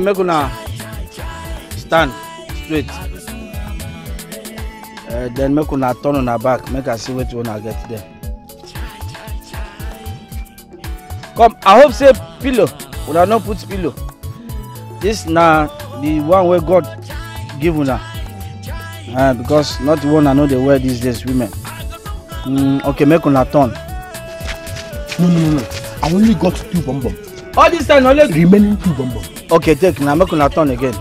now make una stand straight uh, then make una turn on her back make i see wetin una get there come i hope say pillow una no put pillow this na the one where god give una uh, because not the one i know dey wear these days women mm, okay make una turn. no no no no i only got two bonbon. all this time only. remaining two bonbon okay take na make una turn again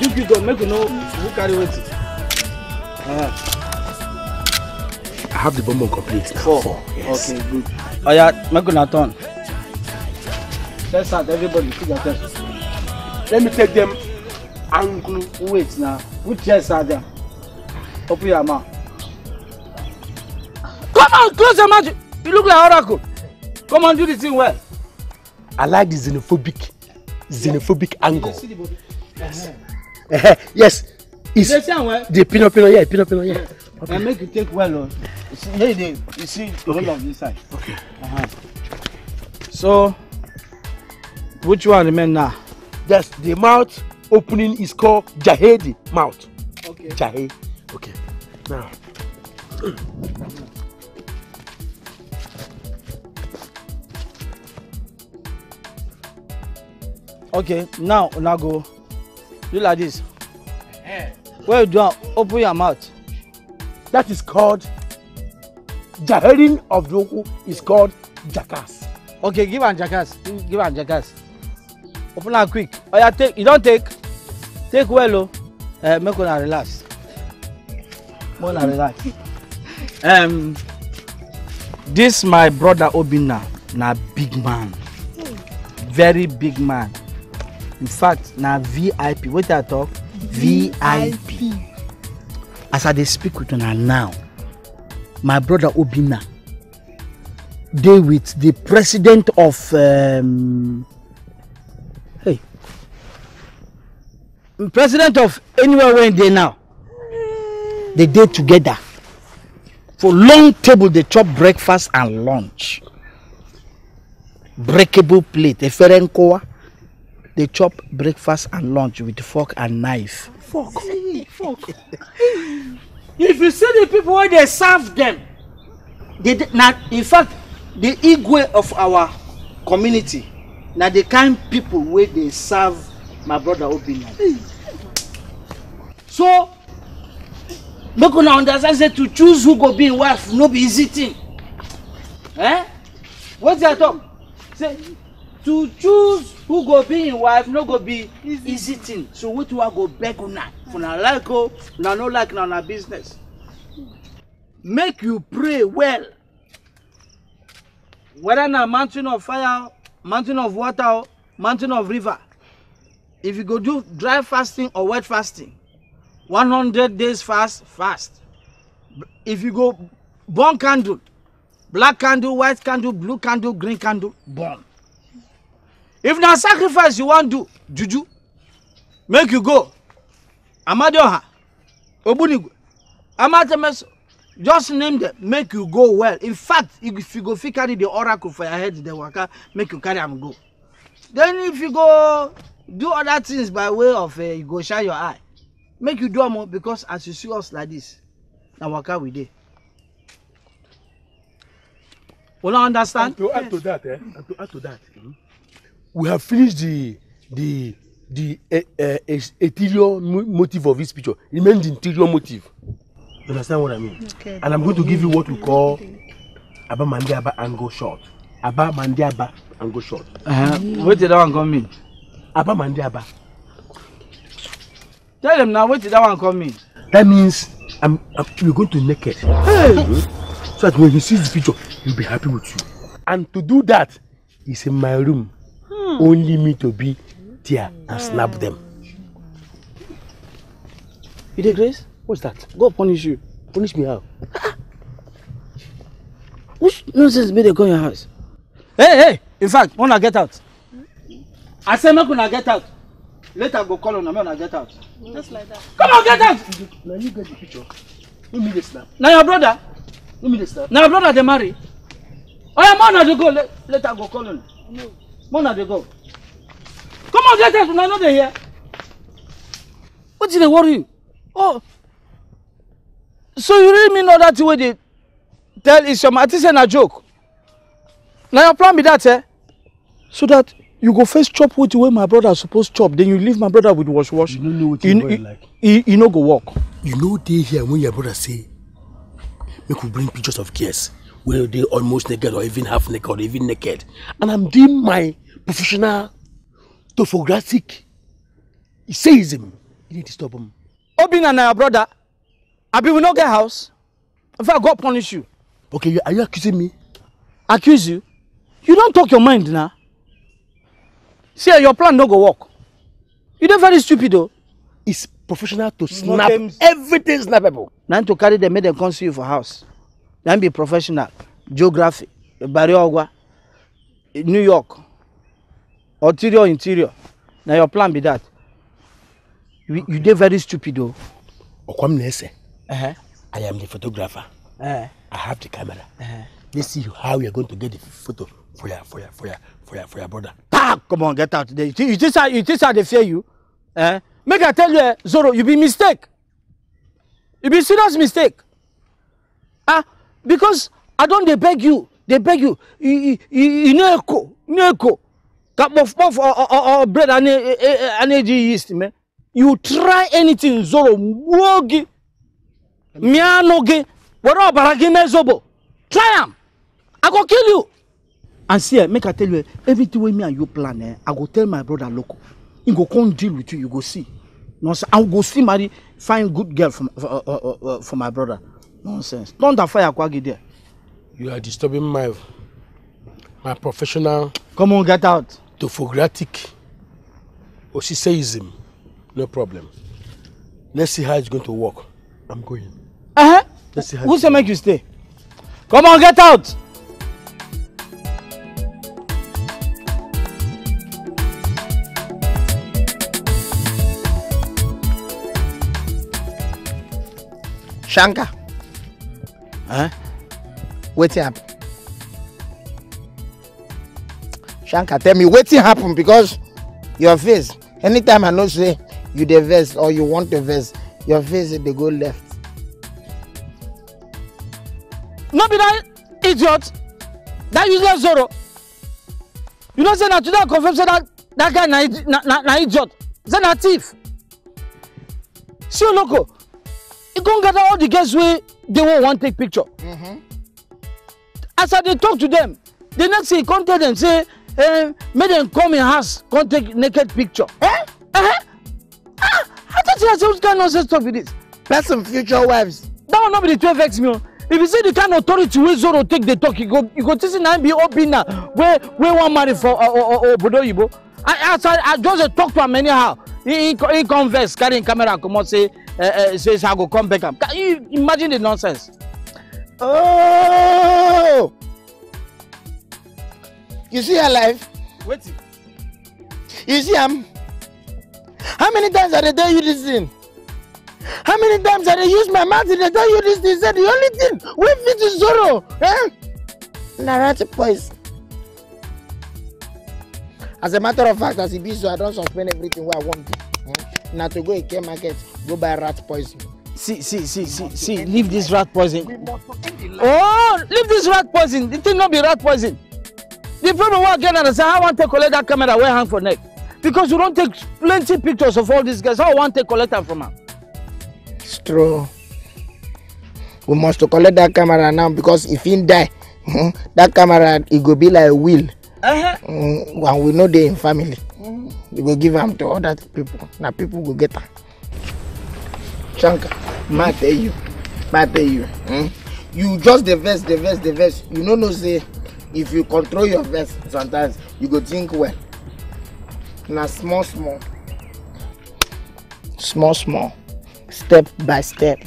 give you gun make you know who carry wetin. Uh uh-huh. I have the bonbon complete. Four. Four. Yes. Okay, good. Oh yeah, make una turn. Test out everybody, see their test. Let me take them angle weight now. Which chest are them? Open your mouth. Come on, close your mouth. You look like oracle. Come on, do the thing well. I like the xenophobic xenophobic yeah. angle. Yes. Uh -huh. yes. It's the pinot pinot yeah pinot pinot yeah. Okay. I make you take well you see, Hey, they, you see the okay. whole of this side. Okay. Uh -huh. So, which one remain now? Yes, the mouth opening is called jahedi mouth. Okay. Jahedi. Okay. Now. okay now una go do like this when you do am open your mouth. that is called jaherin of the oku is called jackass. okay give am jackass give am jackass open am quick oya take you don take take well o uh, make una relax make una relax um, this my brother obinna na big man hmm. very big man in fact na vip wetin i talk vip as i dey speak with una now my brother obinna dey with the president of um, hey president of anywhere wey e dey now dey dey together for long table dey chop breakfast and lunch breakable plate efere nkowa They chop breakfast and lunch with fork and knife. fork fork if you see the people where they serve them, dey na in fact the igwe of our community now the kind people where they serve my brother obinna so make una understand say to choose who go be wife no be easy thing eh What's that? talk say to choose who go be im wife no go be easy thing so wetin wan go beg una if una like o oh, una no like na una business make you pray well whether na mountain of fire mountain of water oh, mountain of river if you go do dry fasting or wet fasting one hundred days fast fast if you go burn candle black candle white candle blue candle green candle burn if na sacrifice you wan do juju make you go amadioha ogbunigwe amatemeso just name them make you go well in fact if you go fit carry the oracle for your head dey waka make you carry am go then if you go do other things by way of uh, you go shine your eye make you do am o because as you see us like this na waka we dey una understand. and to add yes. to that eh and to add to that. -hmm we have finished the the the uh, uh, motive of this picture remain the interior motive you understand what i mean okay. and i'm going to give you what we call abamandiaba angle shot abamandiaba angle shot uh -huh. mm -hmm. wetin that one come mean abamandiaba tell them now wetin that one come mean that means i'm, I'm you're going to naked hey. so that when he see the picture he'll be happy with you and to do that is in my room Hmm. only me to be there and hmm. snap them. You dey grace? What's that? God punish you. Punish me how? Which nonsense make they go your house? Hey, hey! In fact, una get out. I say make una get out. Later I go call una make una get out. Just like that. Come on, get out! Now you get the picture. Let me dey Now Na your brother? Let me dey Now Na your brother they marry? Oya man na dey go later I go call una. No. More now they go. Come on, get us, I know they here. What did they worry you? Oh. So you really mean all that way they tell is your artist and a joke? Now your plan be that, eh? So that you go first chop wetin wey my brother suppose chop then you leave my brother with wash wash. you no know what your brother like. He he no go walk. you know dey here when your brother say make we bring pictures of girls where they almost naked or even half naked or even naked and i'm doing my professional topographic seism you need to stop am. obinna na your brother abi we no get house in fact god punish you. okay are you accusing me. accuse you you don talk your mind na See, your plan no go work you dey very stupid o. Oh. it's professional to snap no everything snappable. na to carry dem make dem come see you for house na be professional geography bariogwa new york ulterior interior na your plan be that you, you dey very stupid o. okwam na ese uh-huh. i am the photographer uh -huh. i have the camera uh -huh. let's see how we are going to get the photo for your for your for your for your, for your brother. pa come on get out there you think you think say you think say i dey fear you eh? make i tell you eh, zoro you be mistake you be serious mistake ah because i don dey beg you dey beg you you you you no echo no echo ka bof or, or, or bread and energy e, e, yeast man. you try anything zoro wogi miano gi wero baragi mezobo try am i go kill you and see eh, make i tell you eh, everything wey me and you plan eh i go tell my brother loco he go come deal with you you go see nonsense i go see Mary, find good girl for, for, uh, uh, for my brother nonsense thunder fire kwagi there you are disturbing my my professional come on get out topographic Oshisseism, no problem. Let's see how it's going to work. I'm going. Uh-huh. Let's see how Who said make you stay? Come on, get out! Shanka. Huh? What's happening? shanka tell me wetin happen because your face anytime i know say you the vex or you want the vex your face they go left. no be that idiot that useless zoro you know say na today i confirm say that that guy na na na, idiot say na thief see oloko e go gather all the girls wey dey want wan take picture mm -hmm. as i they talk to them the next day he come tell them say um, make them come in house come take naked picture. Eh? Uh huh. Ah, I thought you say some kind of nonsense talk be this. person future wives. that one no be the twelve vex me oh. if you see the kind authority wey zoro take the talk you go you go think say na be open now. Where Where one marry for uh, uh, uh, obodo oyibo i as i i just talk to him anyhow he he he come vex carry him camera comot say uh, uh, say say i go come back. can you imagine the nonsense. Oh! You see her life? Wait. You see him? How many times I they tell you this thing? How many times I they use my mouth to dey tell you this thing? Said the only thing we fit is sorrow. Eh? Na rat boys. As a matter of fact, as e be so, I don't suspend everything where I want do. Eh? Now to go Eke market go buy rat poison. See, see, see, see, see, leave this rat poison. Oh, leave this rat poison. The thing not be rat poison. The problem we're getting is how I want to collect that camera where hang for neck. Because you don't take plenty pictures of all these guys. How I want to collect them from her? It's true. We must collect that camera now because if he die, hmm, that camera it go be like a will. Uh-huh. Mm, and we know they in family. Mm. We go give them to other people. Now people go get them. Chanka, ma tell you, ma tell you. Mm? You just the verse, the verse, the verse. You know no say if you control your vest, sometimes you go think well na small small small small step by step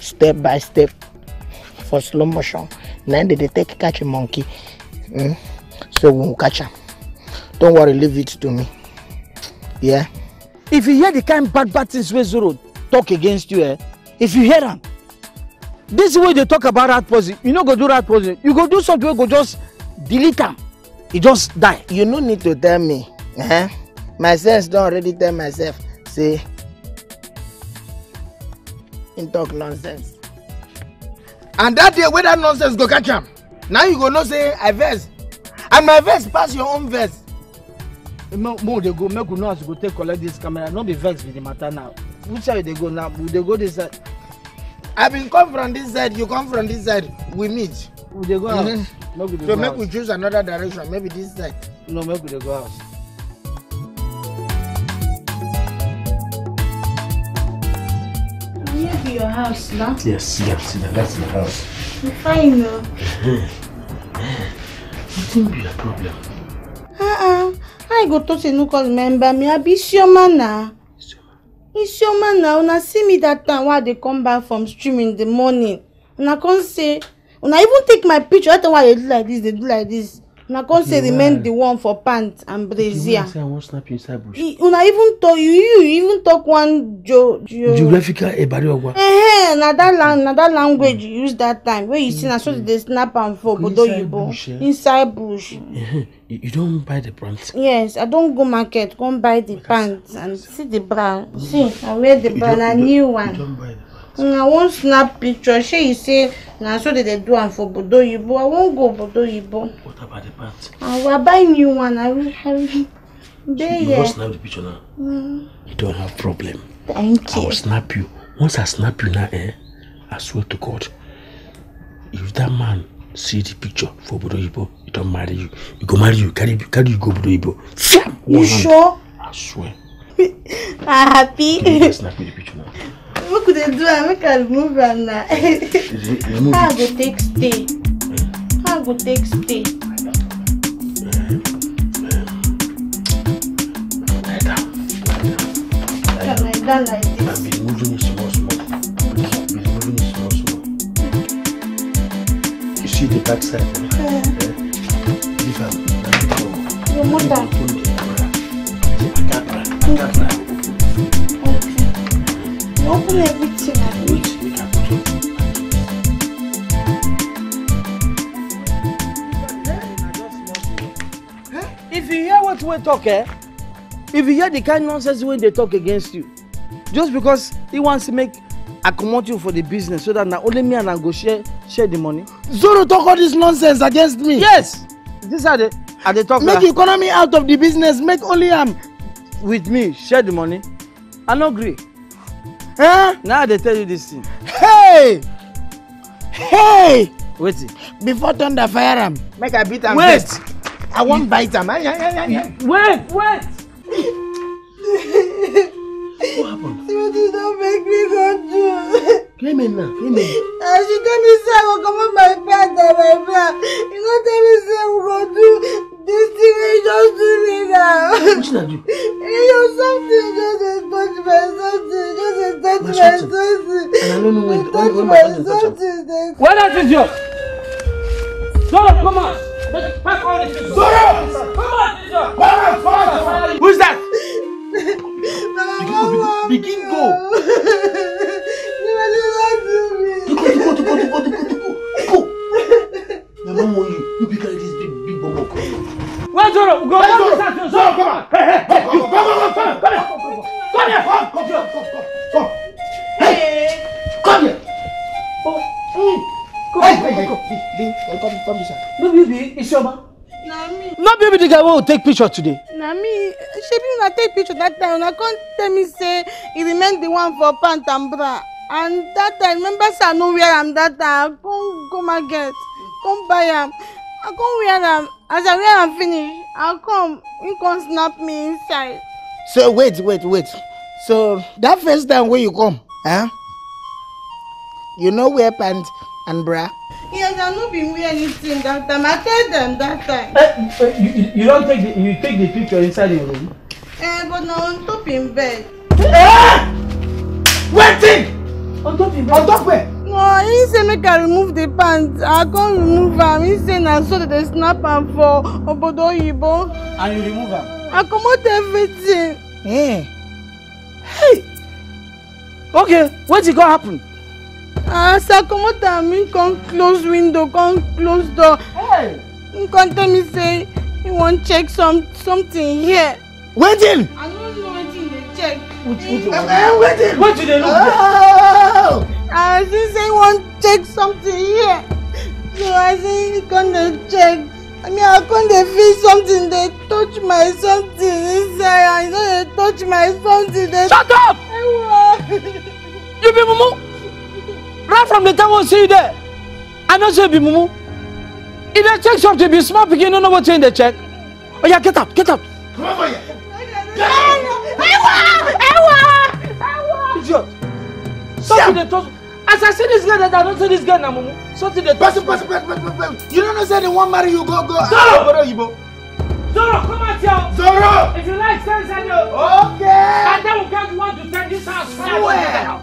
step by step for slow motion na im dey dey take catch monkey mm? so we go catch am don't worry leave it to me yeah. if you hear the kind bad bad things wey zoro talk against you eh if you hear am dis way they talk about rat poison you no go do rat poison you go do something wey go just delete am e just die. you no need to tell me eh? my sense don already tell myself say him e talk nonsense and that day wey that nonsense go catch am now you go know say i vex and my vex pass your own vex. Eh, mo mo dey go make we know as we go take collect dis camera no be vex be the matter now which side you dey go now we dey go this side i been come from this side you come from this side we meet. we dey go house mm -hmm. make we dey house we choose another direction maybe this side. no make we dey go house. near your house now? Yes, yes, that's my house. I'm fine though. Nothing be a problem. Uh-uh. I go to call member, me I be sure man now isioma na una see me that time while they come back from streaming in the morning I come say when I even take my picture that time wey i dey do like this They do like this una come say remain the one for pant and brazier una even talk you you even talk one jo jo geographical ebari ogwa eh na that lang na that language you use that time where you see na so they snap am for obodo oyibo eh? inside bush you don buy the pant. yes i don go market come buy the pant and see the bra see i wear the bra na new one i won't snap picture She you say na so that dey do am for obodo oyibo i won't go obodo oyibo what about the pants? i will buy new one i will have there you wan snap the picture now mm. you don't have problem thank you i will snap you once i snap you now eh i swear to god if that man see the picture for obodo oyibo he don't marry you he go marry you carry carry you go obodo oyibo you sure? i swear i happy can you snap me the picture now make we dey do am make i remove am na how Eu go take stay how i go take stay. Like this. I've been moving it Eu small. I've been moving it small, small. You see the back side? Yeah. Leave Eu Your mother. I can't run. I can't run. Open the dictionary. Which we can put. If you hear what we talk, eh? If you hear the kind nonsense when they talk against you, just because he wants to make accommodate you for the business so that now only me and I go share share the money. Zoro talk all this nonsense against me. Yes, these are the are the talk. Make the economy out of the business, make only him with me share the money. I no agree. Eh? Now they tell you this thing. Hey! Hey! Wait. Before thunder fire am, make I beat am. Wait! First. I wan bite am. Wait, wait! what happened? Timothy don make me go Come in now, Come in. Uh, she tell me say I come on my pants my bra. You go tell me say we go do This thing is just doing me now. What should I do? You know, something just touched my something. Just touched my something. And I don't know when, when, when my something touched. Well, that is yours. Zoro, come on. Pack all this. Zoro! Come on, Zoro. Who's that? say wey we take picture today na me shebi una take picture dat time una come tell me say e remain the one for pant and bra and dat time remember say i no wear am dat time i come go market come buy am i come wear am as i wear am finish i come he come snap me inside. so wait wait wait so that first time wey you come eh? you no know, wear pant and bra. Yes, I not been wearing anything that time. I tell them that time. Uh, you, you don't take the you take the picture inside the room. Eh, but now on top in bed. Eh! thing? On top in bed. On top where? No, he said make I remove the pants. I can't remove am. He say na so they snap and for obodo oyibo. And you remove am? I comot everything. Hey, eh. Hey. Okay, wetin go happen? Ah, asa comot am im come close window come close door Hey! come tell me say you want check some something here. wetin. i don't know what dey check. wetin eh, eh, wetin oh. you dey look for. as im say im wan check something here so I im come dey check i mean i come dey feel something They touch my something inside I e no dey touch my something dey. shut up. you be mumu. Right from the time we see you there, I know say be mumu. If they check something, be small, smart you don't know what in the check. Oh yeah, get out, get out. Come over here. Ewa! Ewa! Ewa! Idiot. Something they toss. As I see this girl, that I don't see this girl now, mumu. Something they toss. Person, person, person, person, person. You don't know say the one marry you, go, go. Zoro! Ah, Zoro, come out here. Zoro! If you like, send stand. Okay. And then we get want to send this house. fire.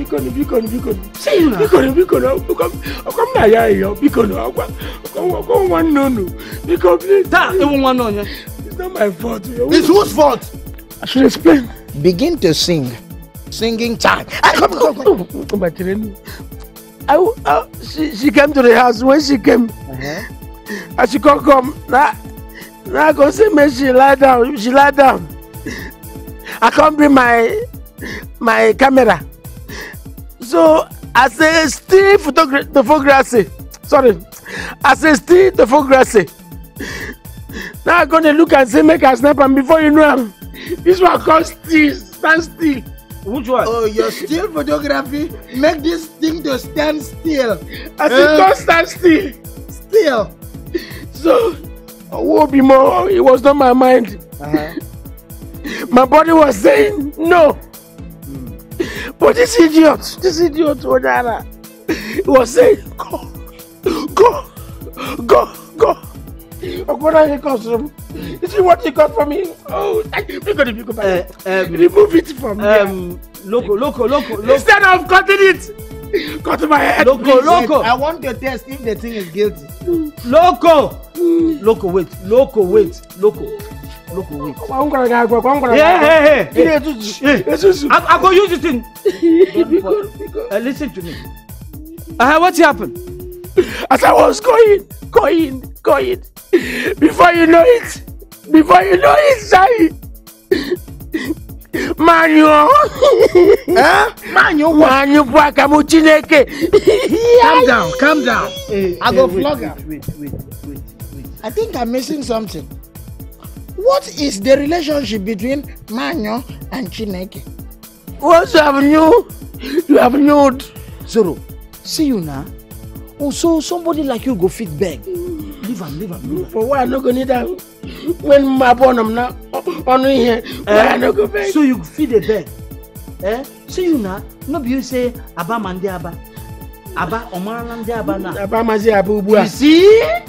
bikonu bikonu bikonu bikonu bikonu ọkọ m na-aya eyo bikonu ọkwa ọkọ nwa nne unu biko taa ewu nwa nne onye it's not my fault it's whose fault I should explain begin to sing singing time gbachiri oh, nnu she, she came to the house when she came uh uh-huh. and she come come na na go say make she lie down she lie down I come bring my my camera So, as a still photography, sorry, as a still photography, now I'm going to look and say, make a snap, and before you know, I'm, this one called still, stand still. Which one? Oh, your still photography make this thing to stand still. As uh, it don't eh? stand still. Still. So, oh, be more, it was not my mind. Uh -huh. my body was saying, no. But this idiot, this idiot, Onana, was saying, go, go, go, go. Ogbonna, he comes from. Is it what you got for me? Oh, thank you. Pick pick up. Remove it from um, there. Loco, loco, loco, loco. Instead of cutting it, cut my head. Loco, please. loco. I want to test if the thing is guilty. Loco, loco, wait, loco, wait, loco look for weight. I'm gonna go. I'm gonna Hey, hey, hey. I, I go use this thing. uh, listen to me. Uh, what happened? As I was going, going, going, before you know it, before you know it, sorry. Manuel. huh? Manuel what? Manuel Bakamu Chineke. Calm down, calm down. Hey, I hey, go hey, wait, wait, wait, wait, wait. I think I'm missing something what is the relationship between Manyo and Chineke? Once you have knew, you have known. Zoro, see you now. Oh, so somebody like you go fit beg. Leave am, leave am, leave am. For what I no go need am? When my born am now, on here, where I no go beg. So you feed the beg. Eh? See you now. No be you say Aba Mandi Aba. Aba Omarala Ndi Aba now. Aba Mazi Aba Ubu. You see?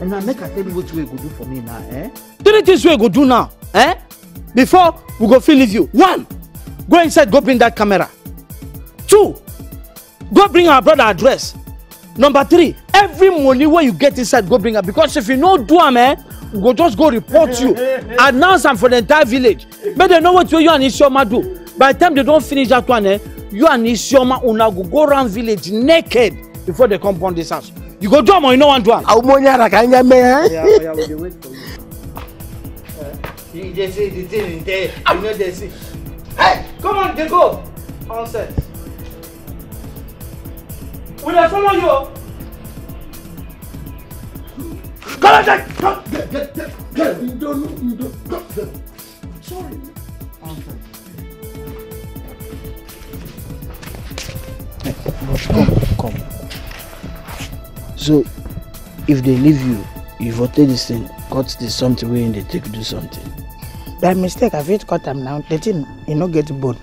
and now make i tell you what wey you go do for me now eh. three things we go do now eh before we go finish you one go inside go bring that camera two go bring our brother address number three every money wey you get inside go bring her. because if you no do man, eh, we go just go report you announce them for the entire village make dem know what you and Ishioma do by the time they don't finish that one eh you and Ishioma will go go round village naked before they come burn this house You go do am or you no wan do am? Àwọn ọmọ yàrá kan yẹn mẹ́yà. You dey see the Hey, come on, dey go. On We are following you. Come on, Come, get, get, get, get. Come, get. Sorry. On set. Come, come so if they leave you you for this thing cut the something wey and they take do something. by mistake I've fit cut them now the thing e no get bone.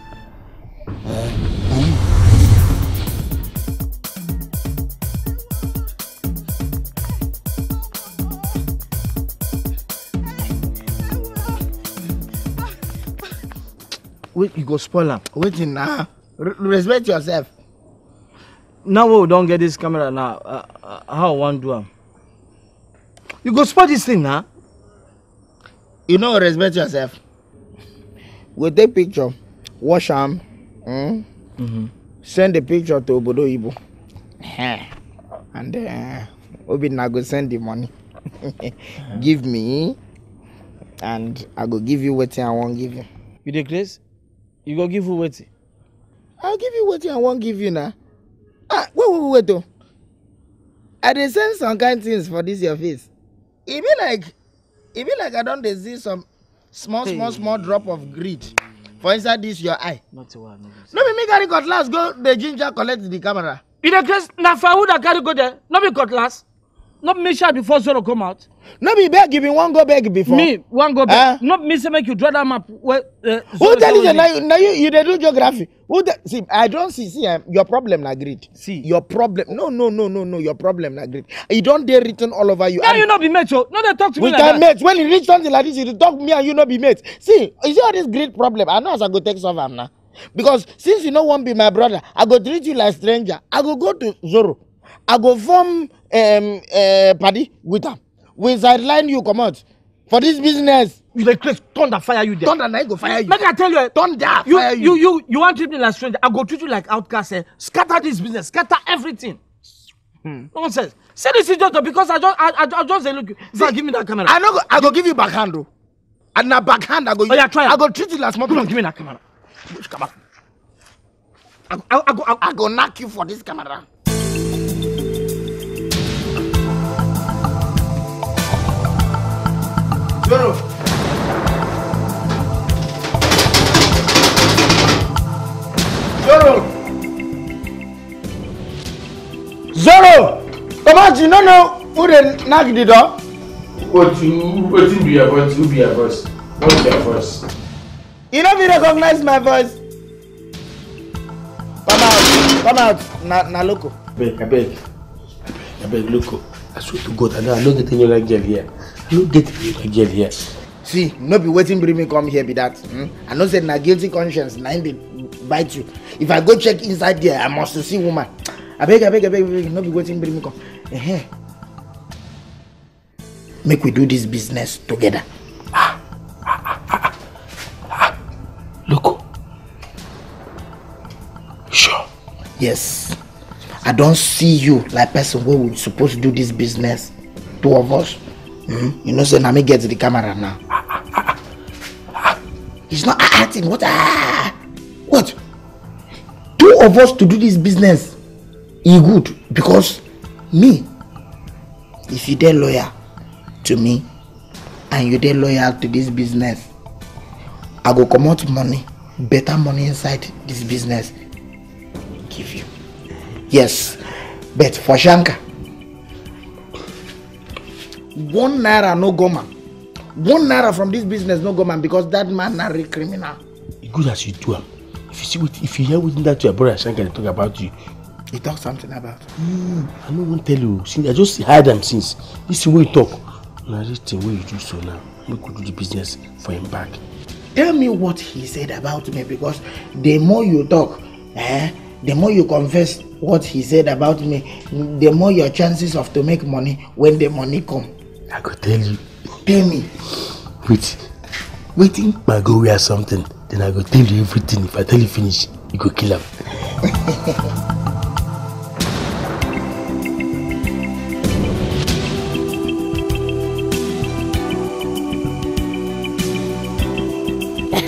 Uh, mm. Wait, you go spoil am. Wait, now. Respect yourself now we don't get this camera now uh, uh, how one do am you go spot this thing na. you know respect yourself We take picture wash am mm? mm -hmm. Mm-hmm. send the picture to obodo oyibo and uh, obinna go send the money give me and i go give you wetin i won't give you. you dey craze you go give who wetin. I'll give you wetin i won't give you na ah wait wait wait o i did send some kind things for this your face e be like e be like i don't see some small small small drop of greed for inside this your eye no be me carry cutlass go the ginger collect the camera e dey craze na firewood i carry go there no be cutlass not me shout before zero come out. No be beg if you wan go beg before. Me One go beg. Uh? Not me say make you draw that map. Where, uh, Who tell you Now na you you you do geography? Who tell see I don't see see um, your problem na great. See your problem no no no no no your problem na great. You don't dare written all over you. Now you not be mate o. Oh. No they talk to we me like that. We can mate when you reach something like this you dey talk me and you not be mate. See you see all this great problem I know as I go take solve am na. Because since you no wan be my brother I go treat you like stranger I go go to Zoro i go form um, uh, padi with am we sideline you out for this business. you dey craze thunder fire you there. thunder na him go fire you. make i tell you. Eh, thunder you, fire you. you you you want treat me like stranger i go treat you like outcast eh scatter this business scatter everything. Hmm. nonsense say this is just oh, because i just i, I, I just say look sir give me that camera. i know. go i go give you backhand o oh. and now backhand i go oh, yeah, try i go treat you like small pikin. give me that camera. I, I, I, go, I, I go knock you for this camera. Yoro. Yoro. Zoro. you know no, who the knock the door? What wetin be your voice? Who be your voice? What be your voice? You no fit recognize my voice. Come out, come out, na na loco. Abeg, abeg, abeg, loco. I swear to God, I know I know the thing you like girl here no get jail here see no be waiting bring me come here be that hmm? i know say na guilty conscience na im bite you if i go check inside there i must see woman I I beg, beg, I beg, I beg. no be waiting bring me come uh -huh. make we do this business together. Ah, ah, ah, ah, ah. ah Look. Sure. Yes. I don't see you like person where we supposed to do this business. Two of us. Hmm? you know say now me get to the camera now it's not acting what ah! what two of us to do this business He good because me if you dey loyal to me and you dey loyal to this business i go comot money better money inside this business give you yes but for shanka one naira no go man one naira from this business no go man because that man na real criminal e good as you do am if you see wetin if you hear wetin dat your brother shankan dey talk about you he talk something about mm, i no wan tell you since i just hide am since This thing wey you talk na this thing wey you do so now make we do the business for him back tell me what he said about me because the more you talk eh, the more you confess what he said about me the more your chances of to make money when the money come I go tell you. Tell me. Wait. Waiting my go wear something. Then I go tell you everything. If I tell you finish, you go kill him.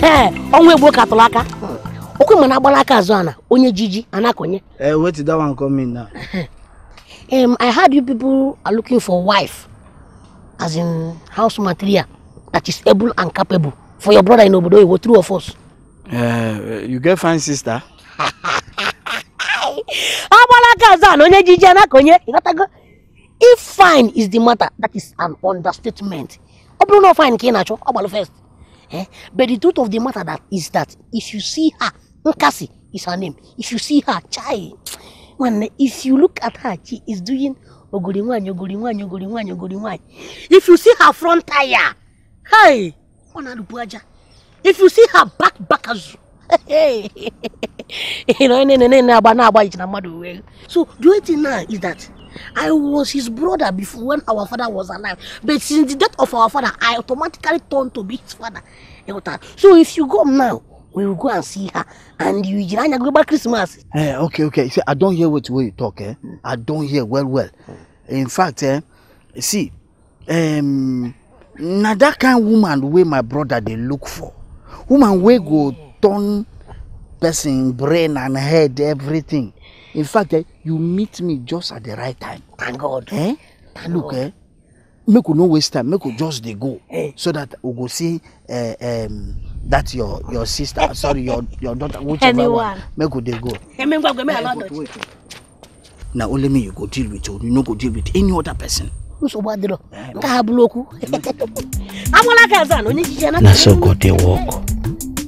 ee ọnwa egbo katụrụ aka okwe ma na-agbara aka azụ ana onye jiji anakonye eh wait that one come in now um, i heard you people are looking for wife as in house material that is able and capable for your brother in obodo iwo true of us. Uh, you get fine sister. agbala aka azụ a na onye ji ije n'aka onye ịghọtago if fine is the matter that is an understatement ọ bụrụ na fine ka ị na-achọ ọ gbalụ first eh? but the truth of the matter that is that if you see her nkasi is her name if you see her chai nwanne if you look at her she is doing ogori nwaanyị ogori nwaanyị ogori nwaanyị ogori nwaanyị if you see her front tire hey ọ na aja if you see her back back azụ na-ene agba na-agba iji na mmadụ wee eh. so the only thing now is that I was his brother before when our father was alive but since the death of our father I automatically turned to be his father so if you go now we will go and see her and you jiranya go back christmas. Eh, okay okay see i don hear what wey you talk eh mm. i don hear well well mm. in fact eh see um, na that kind of woman wey my brother dey look for woman wey go turn person brain and head everything in fact eh you meet me just at the right time. thank god. Eh? Thank look god. eh make we no waste time make we just dey go eh. so that we go see uh, um, that's your your sister oh. sorry your your daughter whichever one make we dey go. na only me you go deal with o you no go deal with any other person. nsogbu adịrọ nke ha bụrụ okwu agbala ka azan onye ijije na. na so god dey work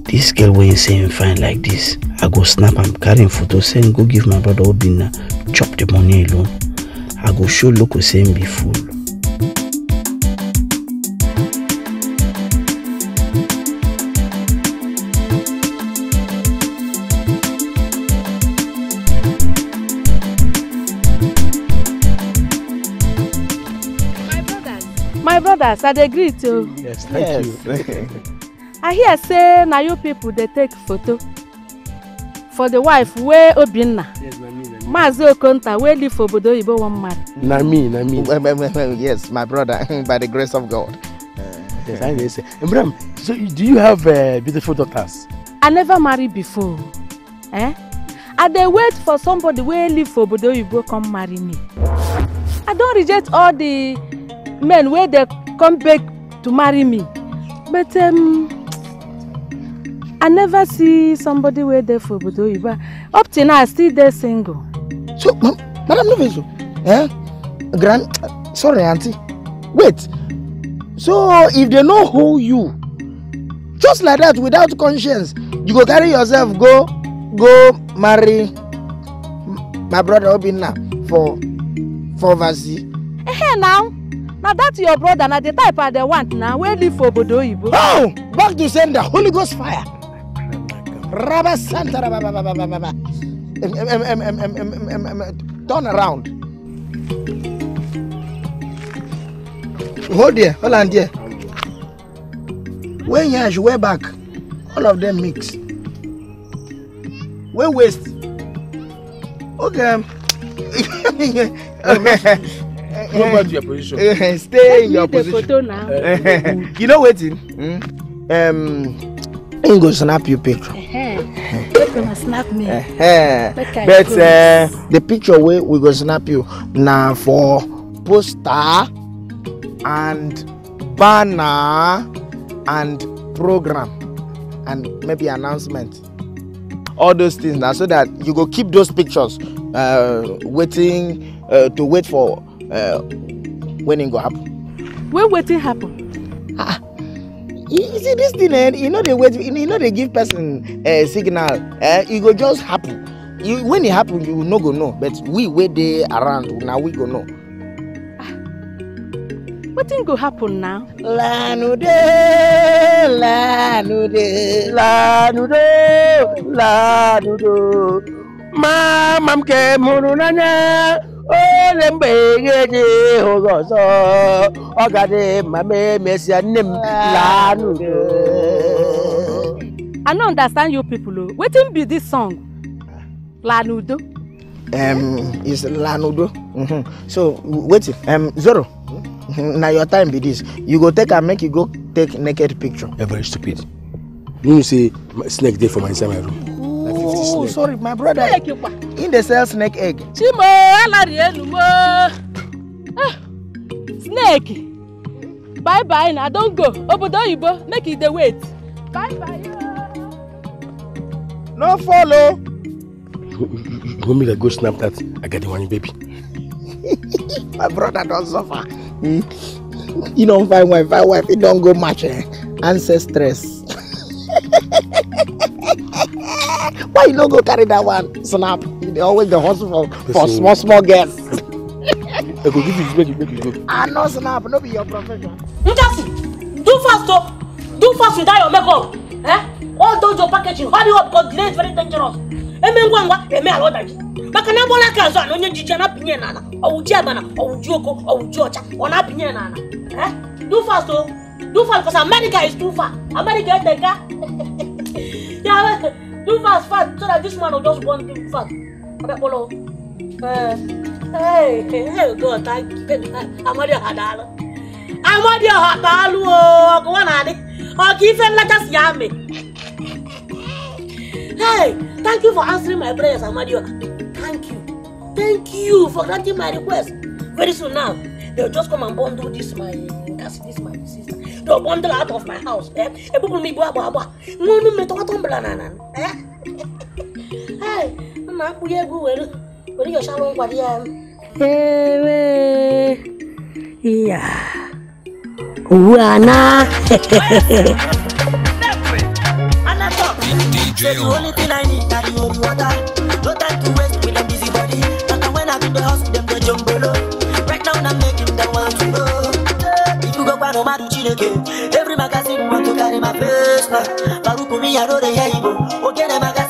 dis girl wey you say him fine like this. i go snap am carry im photo send go give my brother obinna chop the money alone i go show loko say him be fool brothers i dey greet o. yes thank yes. you. i hear say na you people dey take photo for the wife wey obinna maazi okonta wey live for obodo oyibo wan marry. na me na me. yes my brother by the grace of god. yes i dey say ibrahim so do you have uh, beautiful daughters. i never marry before eh? i dey wait for somebody wey live for obodo oyibo come marry me i don reject all the men wey dey come beg to marry me but um, i never see somebody wey there for obodo iba. up till now i still there single. so ma madam no vex eh? grand sorry auntie. wait so if they know who you just like that without conscience you go carry yourself go go marry my brother obinna for for overseas. Hey, now na dat your brother na the type i dey want na wey live for obodo oyibo. oh back to send the holy ghost fire raba santa raba raba raba raba turn around. hold there hold am there when yansh wey back all of them mix wey waste oge. Okay. go back to your position. Uh, stay in your position. Photo now. Eh, you know waiting. Hmm? Um, I'm go snap your picture. gonna snap me. But uh, the picture wey we go snap you now for poster and banner and program and maybe announcement. All those things now so that you go keep those pictures uh, waiting uh, to wait for Uh, when it go happen. when waiting happen. ah you see this thing eh You know dey wait you know they give person uh, signal eh uh, go just happen you, when it happen you no go know but we wait there around Now we go know. Ah, What thing go happen now. lanude lanude lanudo lanudo maa mam ke muru n'anya onye mgbenye dị ụgha ọzọ ọ ga dị ma ma emesịa nne m laa n'udo i no understand you people Oh, wetin be this song lanudo um, is lanudo mm -hmm. so wetin um, zoro na your time be this. you go take am make you go take naked picture. you're very stupid you know say snake dey for my inside my room fifty oh, snake. sorry my brother in dey sell snake egg. chimo alari elu mo ah snake bye bye now. Don't go obodo oyibo make it the wait bye bye. no follow. go make i go snap that I the one baby. my brother don't suffer. Hmm? you don find wife find wife e don't go match eh? ancestress. why you no go carry that one snap you dey always dey hustle for for oh. small small girls. i go give you make you make you go. ah no snap no be your profession. njasi do fast o oh. do fast without your makeup eh? all those your packaging hurry up cos delay is very dangerous eme ngwa ngwa eme ala ọdachi maka na agbọla aka azụ a na onye jiji anapịnye n'ala ọwụ ji abana ọwụ ji oko ọwụ ji ọcha ọ na-apịnye n'ala eh? do fast o oh. do fast cos america is too far america eteka ya Do fast, fast, so that this man will just to him fast. Okay, follow. Eh, hey, hey, oh God, thank you. Oh, on, Hadalu. Oh, give him like a yummy. Hey, thank you for answering my prayers, Amadi. Thank you. Thank you for granting my request. Very soon now, they'll just come and bundle this my, this my Don't wander out of my house, eh? Eh, bukan ibu apa apa. Ngomong metok atau belananan, eh? Hai, mama aku ya gue, lu, gue nggak salah ngomong dia. iya. Wana, Right now I'm making to go. If you go by no matter. can Every magazine want to carry my face now. Baruch me, I know they hear you. magazine.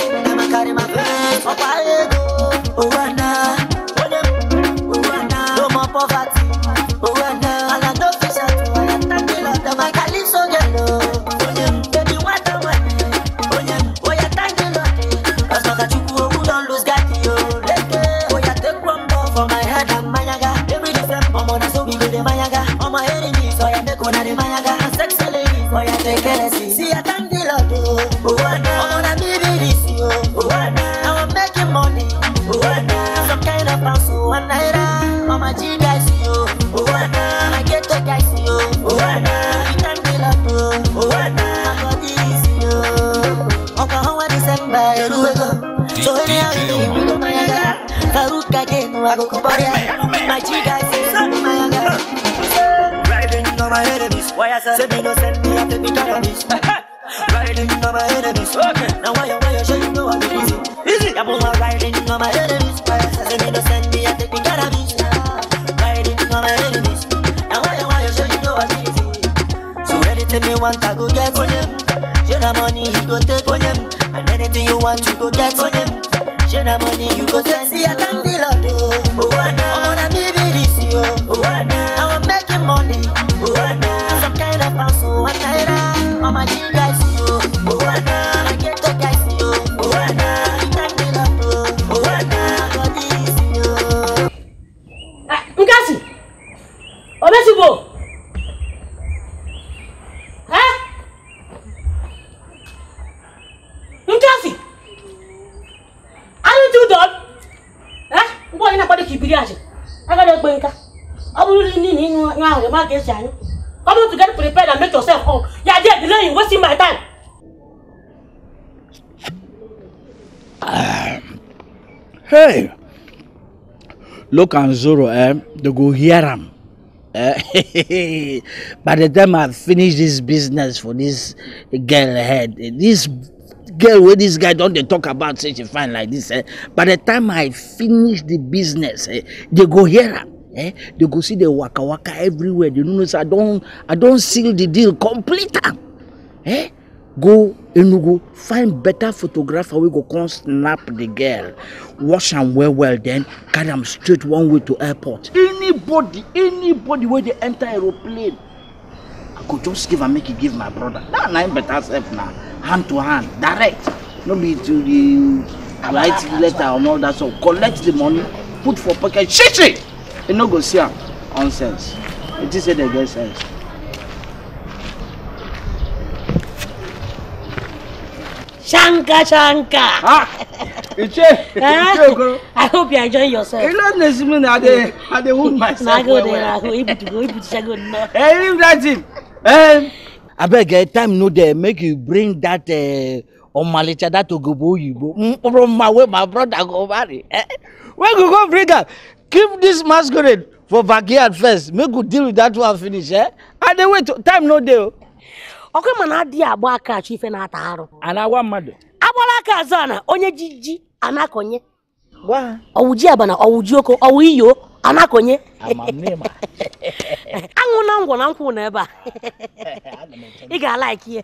Say sir. me no send me, I take me down Riding on my enemies. Okay. Now why you why you sure you know I'm easy? Easy. Yeah, I'm boy, riding on my enemies. Say me no send me, I take me down Riding on my enemies. Now why you why you sure you know I'm easy? So anything you want, I go get for them. Share the money, he go take for them. And anything you want, you go get for them. Share the money, you go send. See, I thank the Lord. Oh, I know. I'm gonna be this, yo. Oh, I know. I'm making money. Oh, I know. from so what I am. Mama, you guys, you. Oh, I get the guys, you. Oh, I can't be up. Oh, I got this, you. Nkasi, ọbẹ̀ ti bò. Nkasi, are you too dumb? Ngwọ onye na-akpado ka ibiri achị, agaghị ekpe nka. Ọ bụrụ na ị n'ihi ịnụ ahụ, ma ga-esi anyụ. Hey, look and Zoro, eh? They go hear him. Eh, by the time I finish this business for this girl head, this girl wey this guy don't they talk about such a fine like this eh by the time i finish the business eh they go hear him. eh they go see the waka waka everywhere The no i don't, i don't seal the deal complete am eh go Enugu, find better photographer we go come snap the girl. Wash am well well then, carry am straight one way to airport. Anybody, anybody wey dey enter aeroplane, I go just give am make e give my brother. That na him better self na, hand to hand, direct. No be to the write letter and all that so collect the money, put for pocket, shishi! E no go see am, nonsense. You e think say dey get sense? Shanka Shanka. Ah, Iche, Iche Okoro. I hope you enjoy yourself. You know, next minute I dey I dey wound myself. Na go dey na go. Ibu to go, ibu to go no. Hey, leave that thing. Um, abeg eh, time no dey make you bring that uh, eh, omalicha that ogobo oyibo mkpụrụ mma wey my brother go marry eh? wey go go bring am keep this masquerade for backyard first make we deal with that one finish eh? i dey wait time no dey o. Oh. ọkụ ma na adịghị agba aka achọ ife na-ata arụ a mmadụ agbara aka azụ ana, onye ji ji anakonye ọwụ ji abana ọwụ oko ọwụ iyo anakonye aṅụ na ngwọ na nkwụ na ebe a ị ga-ala ya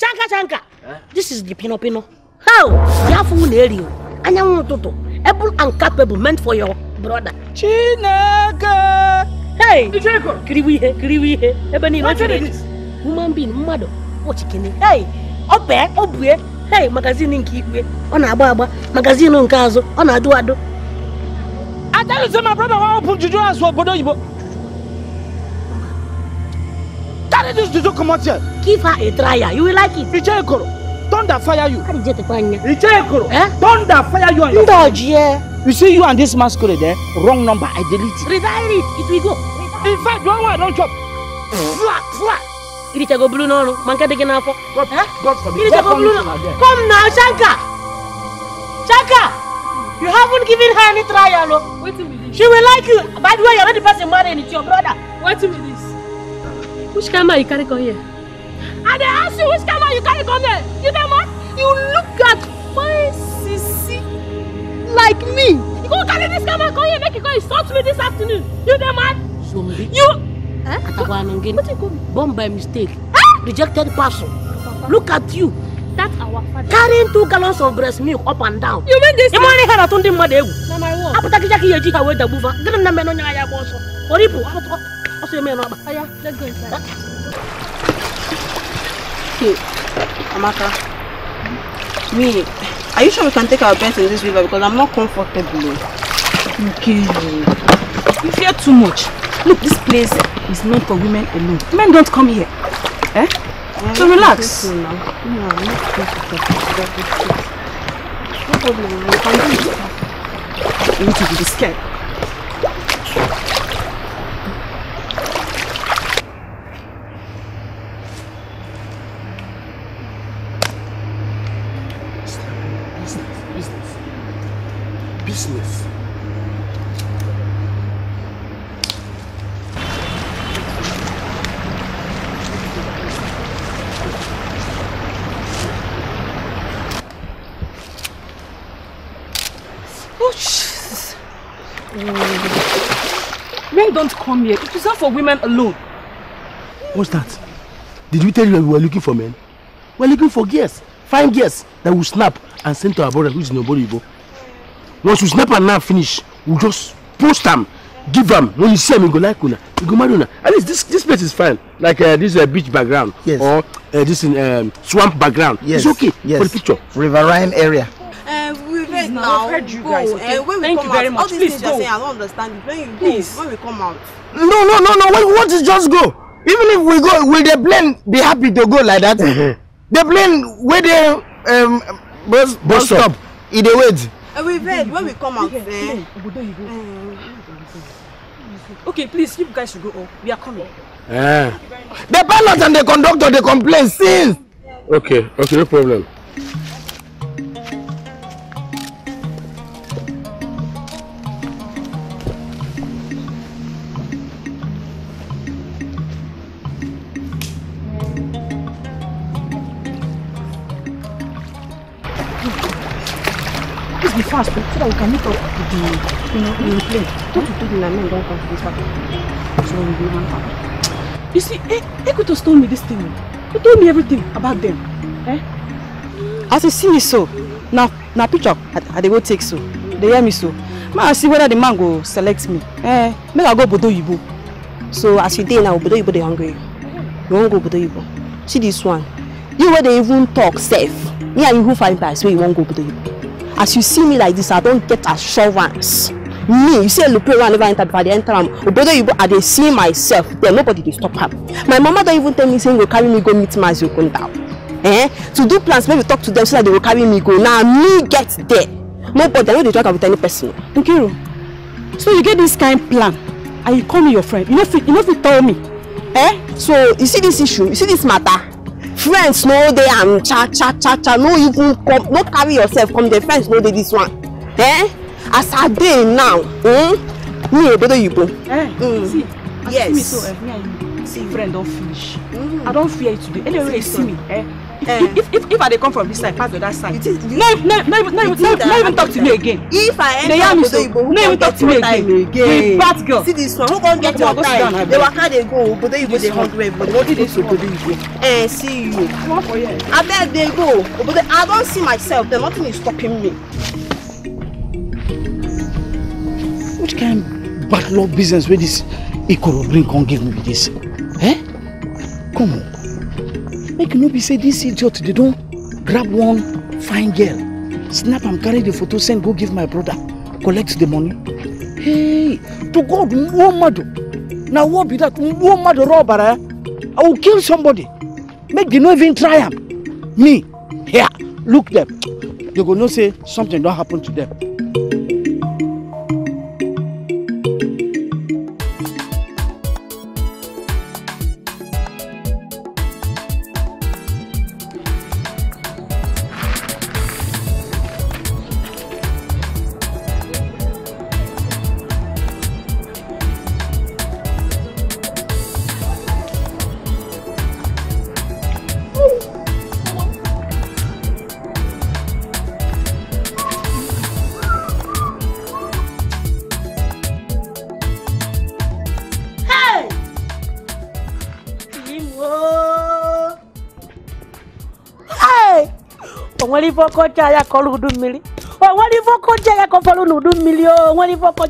chanka chanka this is the pino how ya afọ unu eri anyanwụ ụtụtụ able and capable meant for your broda chineke hey kiriwe ihe kiriwe ihe ebe niile ọ chọrọ human being mmadụ ọchịkene hey ọ bee ọ bue hey magazin nke ikwe ọ na-agba agba magazin nke azụ ọ na-adụ adụ I tell you, my brother, why open juju as for Bodo Ibo? That is just to come out here. Give her a trial. You will like it. It's a thunder fire you. How did you Ichekoro, eh? thunder fire you and your Ndojie. You see you and this masquerade, eh? wrong number, I delete it. Revise it, it will go. In fact, don't worry, don't chop. Fla, fla. Irita go blue no, man can't take an apple. God, eh? God forbid. Irita go blue no. Come now, Shanka. Shanka, you haven't given her any trial, no? Wait a minute. She will like you. By the way, you're not the person marrying, it's your brother. Wait a minute. Which camera you carry on here? I dey ask you which camera you carry come there. You know what? You look at my sissy like me. You go carry this camera come here make you go insult me this afternoon. You know what? Zombie. You. Eh? Atagwanangin. What you call me? Born by mistake. Eh? Rejected person. Papa. Look at you. That's our father. Carrying two gallons of breast milk up and down. You mean this? You want ihe na that ndị mmadụ egwu. Na my word. Apụtakịja ka ihe ji ha wee dagbuva. Gịnị nna mmemme onye agha gba ọsọ? Oripụ, apụtụ ọsọ eme n'ọgba. Oya, let's go inside. Eh? Okay, Amaka. Me, are you sure we can take our bets in this river because I'm not comfortable. Okay. You fear too much. Look, this place is not for women alone. Men don't come here. Eh? Yeah, so relax. No, You need to be scared. business. Business. Oh, mm. Men don't come here. It is not for women alone. What's that? Did we tell you we were looking for men? We're looking for girls. fine gears that will snap and send to our brother who is in Oboribo. Once we snap and now finish, we just post them, give them. When you see them, you go like una, you go marry una. At least this this place is fine. Like uh, this uh, beach background yes. or uh, this in, um, swamp background. Yes. It's okay yes. for the picture. Riverine area. Uh, we now. go. Uh, Thank you very much. Please Please. No, no, no, no. When, what is just go? Even if we go, will the plane be happy to go like that? the plane wey dey um, bus, bus stop e dey wait. Uh, we wait when we come out. Eh. eh? okay please you guys should go home we are coming. Eh. the pilot and the conductor dey complain since. okay okay no problem. fast so that we can meet up with the you know the plane. Don't you think Nana don't come to this party? So we will run out. You see, eh, told me this thing. He told me everything about them. Eh? As you see me so, now now picture I, I they go take so. They hear me so. Ma I see whether the man go select me. Eh, make I go Bodo Yibo. So as you dey now, Bodo Yibo they hungry. You won't go Bodo Yibo. See this one. You where they even talk safe. Me and you who find pass where you won't go Bodo Yibo as you see me like this i don get assurance me you see elupero i never enter before i dey enter am obodoyibo i dey see myself there nobody dey stop am my mama don even tell me say he go carry me go meet mazi okunda eh to do plans make we talk to them so that they go carry me go na me get there nobody i no dey drag am with any person. nkiru so you get this kind plan and you call me your friend you no fit you no fit tell me eh so you see this issue you see this matter friends no dey am cha cha cha cha no even come no carry yourself come there friends no dey this one eh as i dey now hmm? me obodo yibo. Eh, mm. see as yes. see me so eh, me and you see friend don finish mm. i don fear you today anyway you see me eh Eh, if, if if I they come from this side pass the other side. It is, you, no no even talk to me again. If I enter Obodo Ibo who no even talk to me again. again. fat girl. See this one who come get more time. They walk out, they go but they Ibo they hungry everybody. What is Obodo Ibo? Eh see you. I bet they go but I don't see myself there nothing is stopping me. Which kind bad law business wey this Ikoro bring come give me this? Eh? Come on make e no be say this idiot dey don grab one fine girl snap am carry the photo send go give my brother collect the money hey to god ngbuo mmadụ na war be that ngbuo mmadụ rụọ ọbara eh? i will kill somebody make they no even try am me here look them they go know say something don happen to them ife ọkọchị kọrọ udu mmiri o nwere ife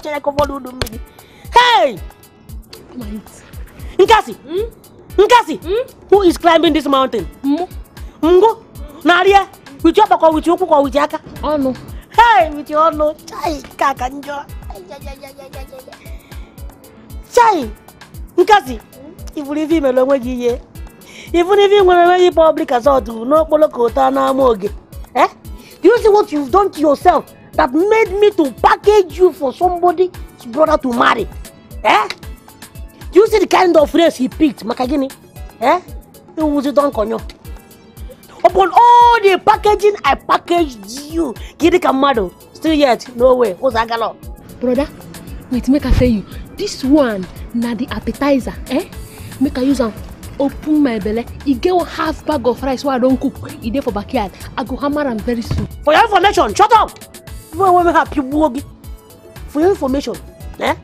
ya kọfọrọ mmiri o nkasi hmm? nkasi hmm? who is climbing this mountain mgbu na-arịa wichi wichi ụkwụ aka ọnụ hey wichi ọnụ chai njọ chai nkasi nwere onwe gị Eh? Do you see what you've done to yourself that made me to package you for somebody's brother to marry? Eh? Do you see the kind of race he picked, Makagini? Eh? It was it done konyo? Upon all the packaging I packaged you, Gidi Kamado, still yet, no way, what's Agalo? Brother, wait, make I tell you, this one, na the appetizer, eh? Make I use am open my belle e get one half bag of rice wey i don cook e dey for backyard i go hammer am very soon. for your information shut up wey wey wey happy wogi for your information eh?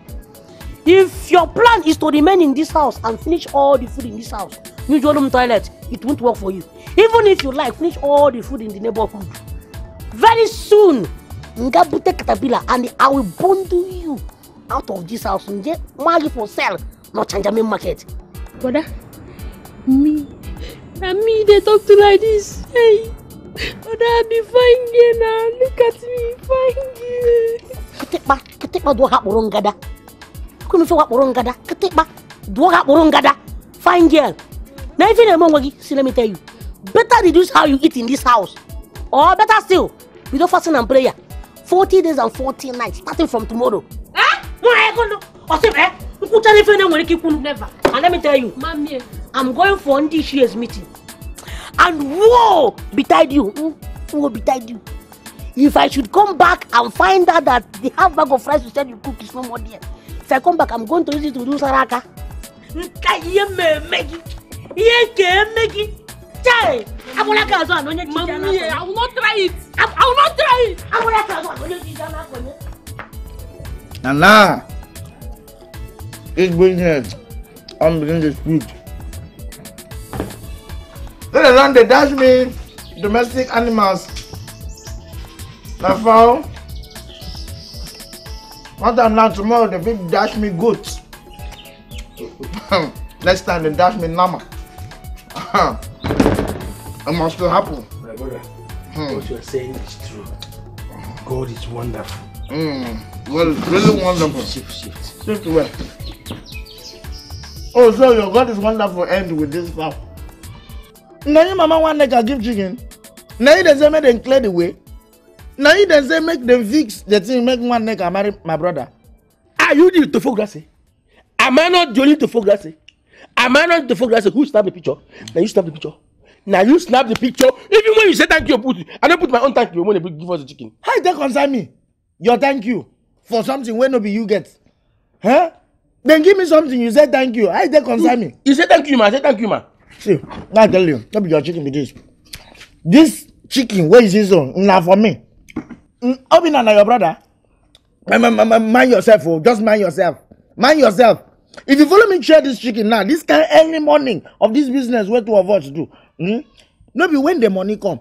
if your plan is to remain in this house and finish all the food in this house use your room toilet it won't work for you even if you like finish all the food in the neighborhood very soon nga bute caterpillar and i will bundle you out of this house nje marry for sale not change market. brother Me? Na me dey talk to like this. Hey, Oda be fine girl now. Look at me, fine girl. Kitikpa, kitikpa do hakporo ngada. Kunu fe wakporo ngada. Kitikpa, do hakporo ngada. Fine girl. Now if you know what see, let me tell you. Better reduce how you eat in this house. Or better still, we do fasting and prayer. 40 days and 40 nights starting from tomorrow. Eh? Mwa ego no. Osip eh? Nkuchane fe na nwere ki kunu. Never. And let me tell you. Mami. I'm going for NDCS meeting. And woe betide you. Mm, woe betide you. If I should come back and find out that the half bag of rice you said you cooked is no more there. If I come back, I'm going to use it to do saraka. Nka iye mmemme gị, ihe nke eme gị. Chai, agbụla ka azụ anọ onye ji ije n'akọnye. I will not try it. I will not try it. azụ anọ onye ji ije n'akọnye. Nana, it's business. I'm beginning to speak. Then they run, they dash me domestic animals. Na fowl. One time now, tomorrow they fit dash me goat. Next time they dash me nama. It must still happen. My brother, hmm. what you are saying is true. God is wonderful. Mm. Well, really wonderful. Shift, shift. Shift where? Oh, so your God is wonderful end with this power na you mama wan make give chicken na you dey say make dem clear the way na you dey say make dem fix the thing make one neck marry my brother. are you the tofography am i not the only tofography am i not the tofography who snap the picture na you snap the picture na you snap the picture even when you say thank you put i no put my own thank you when they give us the chicken. how you take concern me your thank you for something wey no be you get. Huh? then give me something you say thank you how you take concern me. you say thank you ma say thank you ma see now i tell you no be your chicken be this this chicken where is this one? Now for me mm, obinna na your brother mind yourself oh, just mind yourself mind yourself if you follow me share this chicken now this can early morning of this business wey two of us do hmm? no when the money come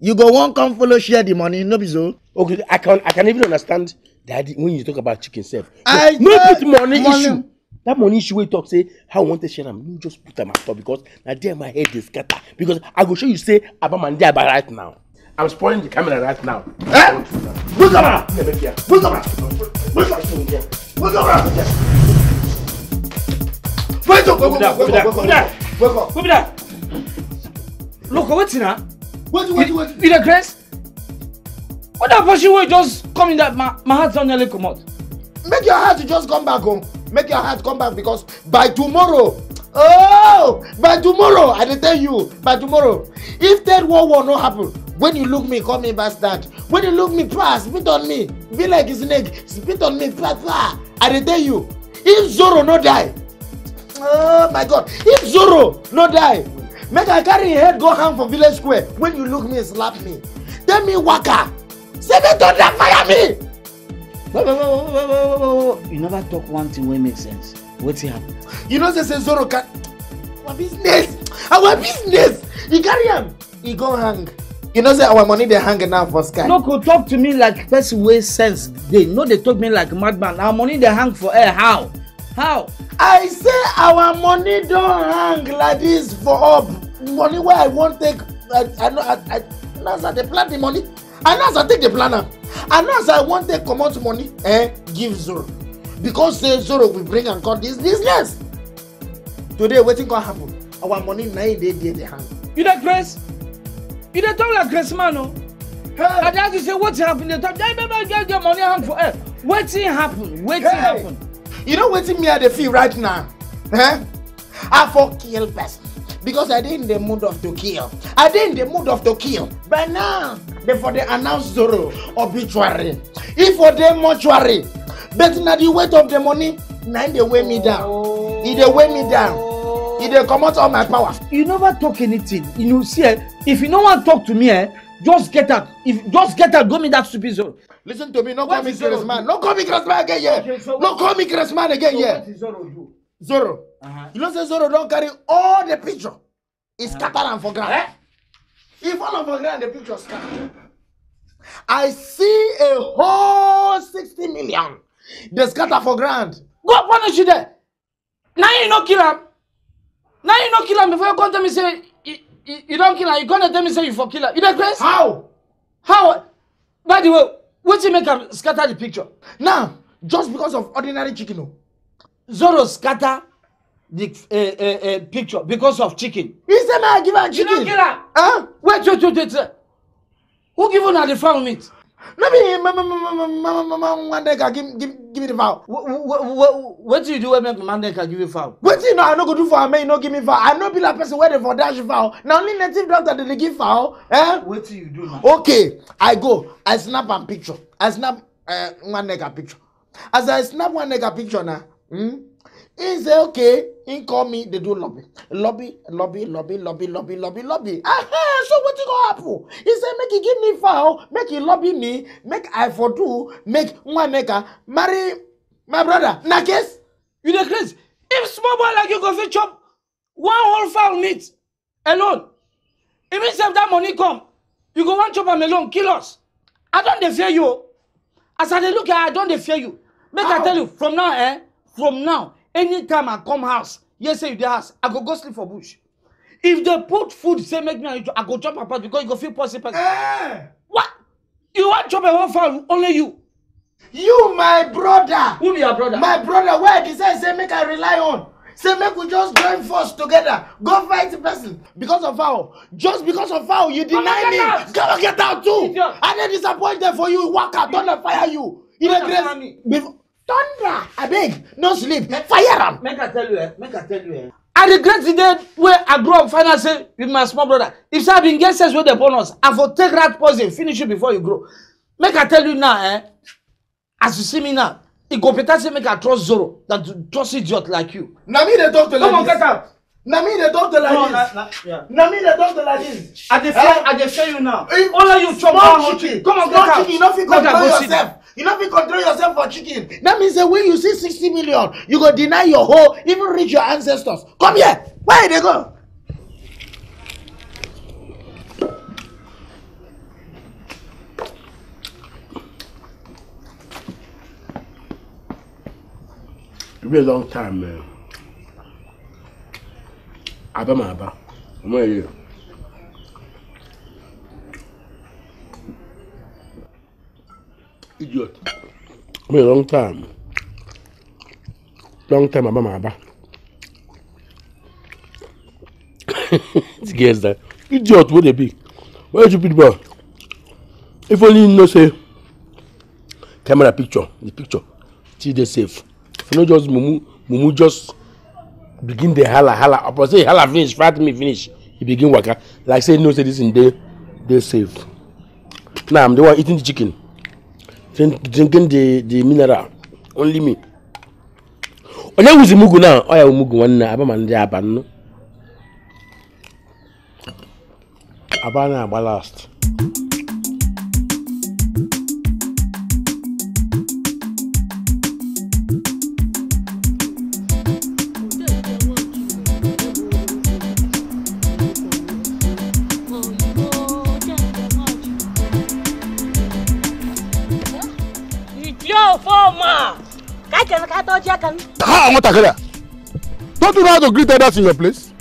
you go one come follow share the money Nobody, be so. okay i can i can even understand that when you talk about chicken sef. i no put money, money issue that money she wey talk say how i wan take share am no just put am at all because na there my head dey scatter because i go show you say abamande aba right now i'm spoiling the camera right now. eh bring camera bring camera bring camera bring camera. wait o go go go go go go go go loko wetin na. wait wait wait. you dey grace. what dat person wey just come in that my, my heart don nearly comot. make your heart just come back o. Oh make your heart come back because by tomorrow oh by tomorrow i dey tell you by tomorrow if third world war no happen when you look me call me bastard when you look me pa spit on me be like snake spit on me pa pa i dey tell you if zoro no die oh my god if zoro no die make i carry him head go hang for village square when you look me slap me tell me waka senator don fire me you never talk one thing wey make sense wetin happen. you know say say zoro carry our business our business he carry am he go hang you know say our money dey hang now for sky. no go talk to me like person wey sense dey no dey talk me like madman our money dey hang for air how how. i say our money don hang like this for up money wey i wan take i i no i i na as dey plan the money and as i take the planner, am and as i want to come out money eh, give zoro because say eh, zoro we bring and come this business today waiting come happen our money nine day day there dey hang. you dey grace you dey talk like grace man o. Hey. i just ask say what's happening. They talk hey baby get your money hang for eh. Waiting happen Waiting hey. happen. you know waiting me at the feel right now eh? i for kill person because i dey in the mood of to kill i dey in the mood of to kill by now before they announce Zoro obituary. If for them mortuary, but na the weight of the money, na they weigh me down. E dey weigh me down. They dey comot all my power. You never talk anything. You see, eh, if you no wan talk to me, eh, just get out. If just get out, go me that stupid Zoro. Listen to me, no call me Christmas. No call me Christmas again here. Okay, so no call me Christmas again so here. Zoro Zoro. Uh -huh. You know say Zoro don't carry all the picture. He uh-huh. scatter am for ground. Eh? If fall of for ground, the picture scan. I see a whole 60 million. They scatter for grand. God punish you there. Now you no kill him. Now you no kill him before you come tell me say you, you, you don kill him. You come tell me say you for kill am. You dey craze? How? How? By the way, wetin make him scatter the picture? Now, just because of ordinary chicken o. Oh, Zoro scatter the uh, uh, uh, picture because of chicken. He said, may I give her chicken? You don't kill her. Huh? Wait, wait, wait, wait. Who given her the fowl meat? Let me, ma, ma, ma, ma, ma, ma, ma, ma, ma, ma, ma, give me the fowl. What do you do when Mandeka give you fowl? What you know I no go do for her, you no give me fowl. I no be like person where they for dash fowl. Now only native doctor they give fowl. Eh? What do you do now? Okay, I go. I snap a picture. I snap uh, one nigga picture. As I snap one nigga picture now, hmm? He say okay. He call me. They do lobby, lobby, lobby, lobby, lobby, lobby, lobby, lobby. Ah, so what you gonna happen? He say make he give me file. make he lobby me, make I for do, make one maker marry my brother. Na case you dey craze. If small boy like you go fit chop one whole fowl meat alone, even if that money come, you go wan chop am alone kill us. I don dey fear you. As I dey look at I don dey fear you. Make How? I tell you from now, eh? From now anytime i come house yes, say you dey house i go go sleep for bush if they put food say make me i go chop apart because you go feel possible. Hey! Eh! what you want chop a one fowl only you. you my brother. who be your brother. my brother where he say say make i rely on say make we just join force together go fight the person because of fowl just because of fowl you deny me come and get out too i dey disappointed for you waka don't fire you. In a grace before thunder abeg no sleep fire am. make i tell you eh make i tell you eh. i regret the day wey i grow up find out say with my small brother if say i bin get sense wey dey born us i for take rat poison finish you before you grow make i tell you now eh as you see me now e go better say make i trust zoro than to trust idiot like you. na me dey talk to ladies. come on get out na me dey talk to like no, this na, na, yeah. na me dey talk i dey fear i dey fear you now. Eh, all of you chop one whole chicken come on get out chicken, you no fit control yourself you no fit control yourself for chicken that means say when you see sixty million you go deny your whole even reach your ancestors come here where they go. It's been a long time, man aba ma aba ọmọ yẹ yẹ. idiot. mi long time long time aba ma aba. you guess that idiot wey dey be why stupid boy if only you know say camera picture the picture still dey safe if you no just mumu mumu just begin the hala hala upon say hala finish fight me finish he begin waka like say no say this thing dey dey safe now i'm the one eating the chicken drink, drinking the the mineral only me onye wuzi mugu na ọ ya mugu nwanne aba ma ndị aba nnu aba na-agba last Oje can. Ha, Omotakela. Don't you know how to greet others in your place?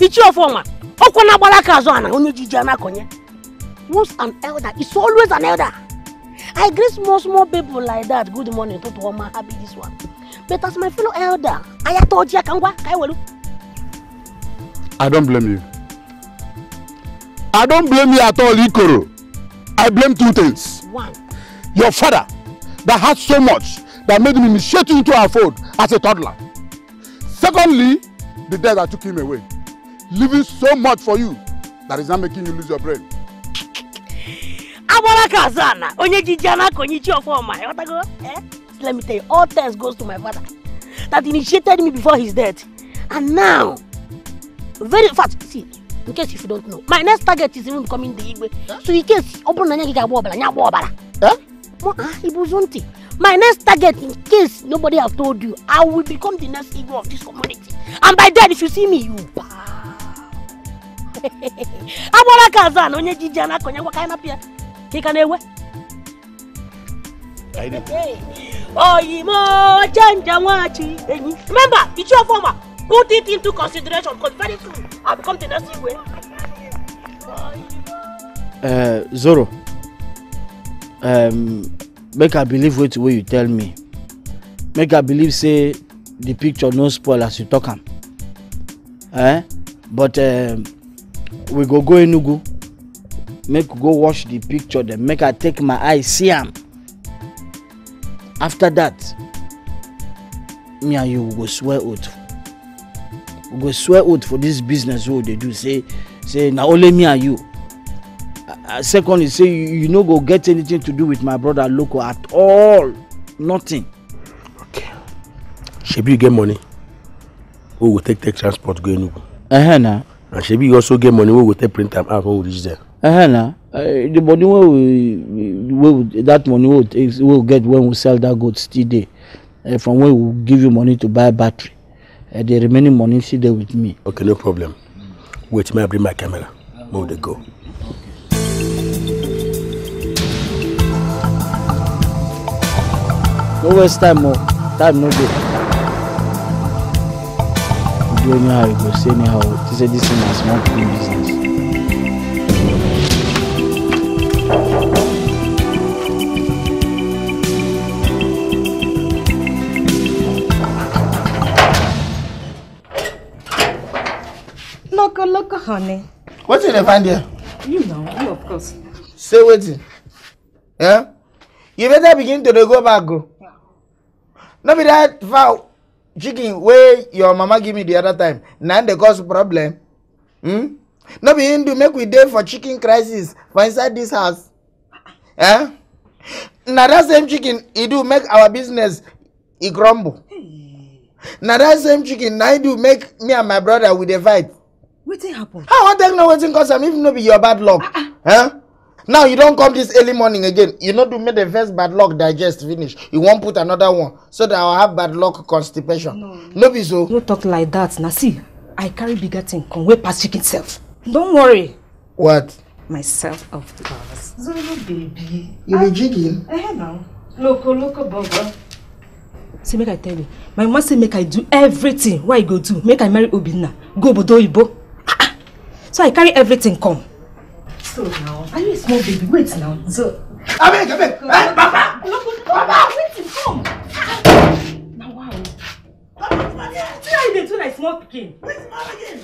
Ichi Ofoma, Okwana Balaka Azwana, Onye Jijana Konye. Who's an elder, it's always an elder. I greet small, small people like that. Good morning, to Toto Oma, happy this one. But as my fellow elder, Ayato Oje Kangwa, Kaiwelu. I don't blame you. I don't blame you at all, Ikoro. I blame two things. One. Your father that had so much that made him initiate you into our fold as a toddler. Secondly, the death that took him away, leaving so much for you that is now making you lose your brain. Agbara Kazana, onye jiji anaka onye ji ọfọ ọma, ịghọtago? Eh? Let me tell you, all thanks goes to my father that initiated me before his death. And now, very fast, see, in case if you don't know, my next target is even becoming the Igwe. So in case, open bụrụ na anya gị ga-agba nya gba ọbara come ah, Ibuzunti. My next target, in case nobody have told you, I will become the next hero of this community. And by then, if you see me, you bow. Agbara a na onye ji ji anakọ nye gwaka na pịa ka ị ka na-ewe. Oyimo chenja nwachi enyi. Remember, it's your former. Put it into consideration because very soon I'll become the next Igwe. Uh, eh, Zoro um, make i believe wetin wey you tell me make i believe say the picture no spoil as you talk am eh? but um, we go go enugu make we go watch the picture then make i take my eye see am after that me and you we go swear oath we go swear oath for this business wey we dey do say say na only me and you uh, second is say you, you no go get anything to do with my brother loko at all nothing. okay shebi you get money wey we take take transport go enugu. Uh -huh, na. and shebi you also get money wey we take print am out when we reach there. Uh -huh, na uh, the money wey we wey we that money wey we take wey we get when we sell that goat still dey uh, from when we give you money to buy battery uh, the remaining money still dey with me. okay no problem wait may i bring my camera may we dey go. Okay. no waste time o oh. time no dey you do anyhow you go say anyhow you say this thing na small pikin business. Loco, loco, honey. Wetin you dey find there? You know, you of course. Say wetin? Yeah, You better begin to dey go back o no be that fowl chicken wey your mama give me the other time na im dey cause problem hmm? no be hindu make we dey for chicken crisis for inside this house eh? na that same chicken e do make our business e crumble na that same chicken na e do make me and my brother we dey fight wetin happen? how i wan take know wetin cause am if no be your bad luck ah, ah. eh? now you don come this early morning again you no do make the first bad luck digest finish you wan put another one so that i will have bad luck constipation no, no be so. no talk like that na see i carry bigger thing come wey pass chicken sef don worry. what. myself of the course. zoro baby. you be jigging. eh na loco loco bobo. See make i tell you my mama say make i do everything wey i go do make i marry obinna go obodo oyibo ah, ah. so i carry everything come. So now, are you a small baby? Wait now. So. come beg, come beg. Hey, eh, Papa! No, no, Papa! Wait, come. Now, wow. Papa, come again. See how you dey do like small pikin. Wait, small again.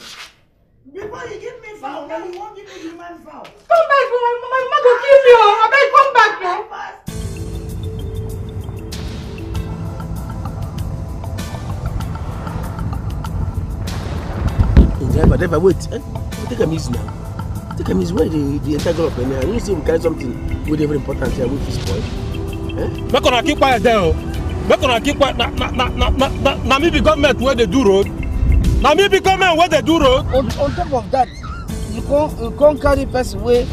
Before you give me foul, now you won't give me human foul. Come back, my, mother will kill you. I come back, yo. Fast. Driver, driver, wait. Eh? Take a easy now. Take him his way, the, the entire group, of Benin. When you see we carry something with every importance here, which is spoiled. Eh? Make on keep quiet there. Oh. Make on keep quiet. Na, na, na, na, na, na government where they do road. Na government where they do road. On, on top of that, you can't, you can't carry person where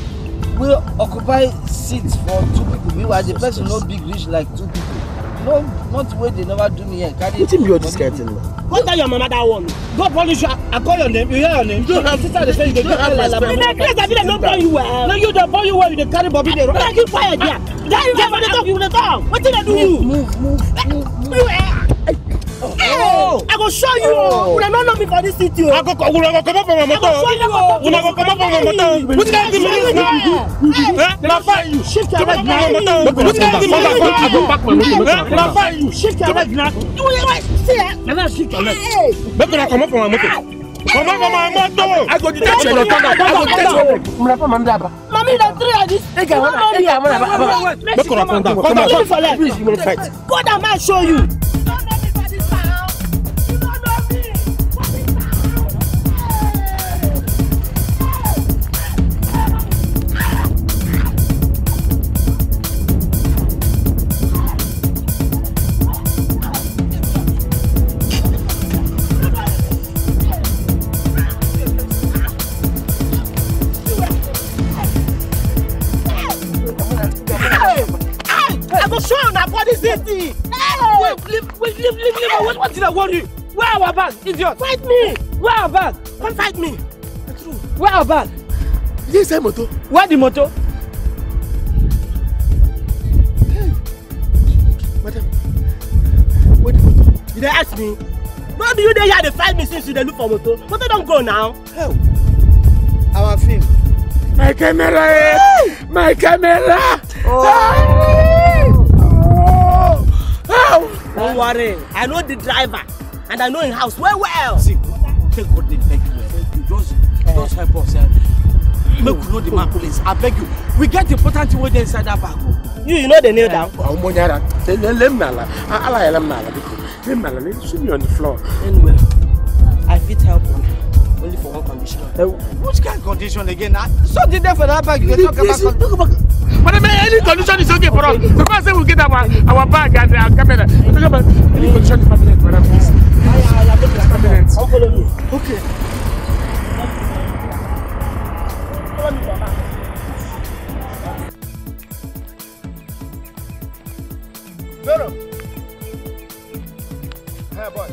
we occupy seats for two people meanwhile the person not big reach like two people no month wey dey never do me here carry wetin be all this kind thing go tell your mama that one go polish you i call your name you hear your name you don't have sister dey say you dey do like like mama. na grace abi dem no born you well. no you dey born you well you dey carry bobi dey run. make you quiet there. that you dey talk you dey talk wetin dey do you. move move move move. Eh? I go show you. Oh. Una no know me for this city. I go una go come up from my motor. Una go come up from my motor. What kind of money you got? Na fire you. Shift your leg now. What kind of money you got? I go pack my motor. Na fire you. Shift your leg now. You will wait. See ya. Na shift your leg. Make una come up from my motor. come up Mama, mama, motor. I go to touch your thunder. I go to touch your Mama, mama, mama. Mami, the three are this. Hey, come on, hey, come on, come on. Make her come down. Come on, please, you will fight. God, I might show you. warn you. Wear our bag, idiot. Fight me. Wear our bag. Come fight me. True. Wear our bag. Is this my mọ́tò. Where the mọ́tò? Hey. Madam, where the mọ́tò? You dey ask me? Why do you dey here dey fight me since you dey look for moto. Moto don't go now. Hell, our film. My camera! Eh? Hey! My camera! Oh. Hey! Ah! worry i know the driver and i know him house well well. see thank god they beg you eh you just help us eh? make we know the man place abeg you we get important thing wey inside that bag oh. you you know the nail down. àwọn ọmọ Let me mi àlà let me mi àlà bíkọ lè mi àlà lè sue me on the floor. anyway i fit help only, only for one condition. Uh, which kind of condition again na ah, so dey there for that bag you dey talk about. madam any condition is okay for us. The first thing we get our our bag and our uh, camera. Any condition is permanent, brother, please. It's permanent. Okay. Vero. Hey, boy,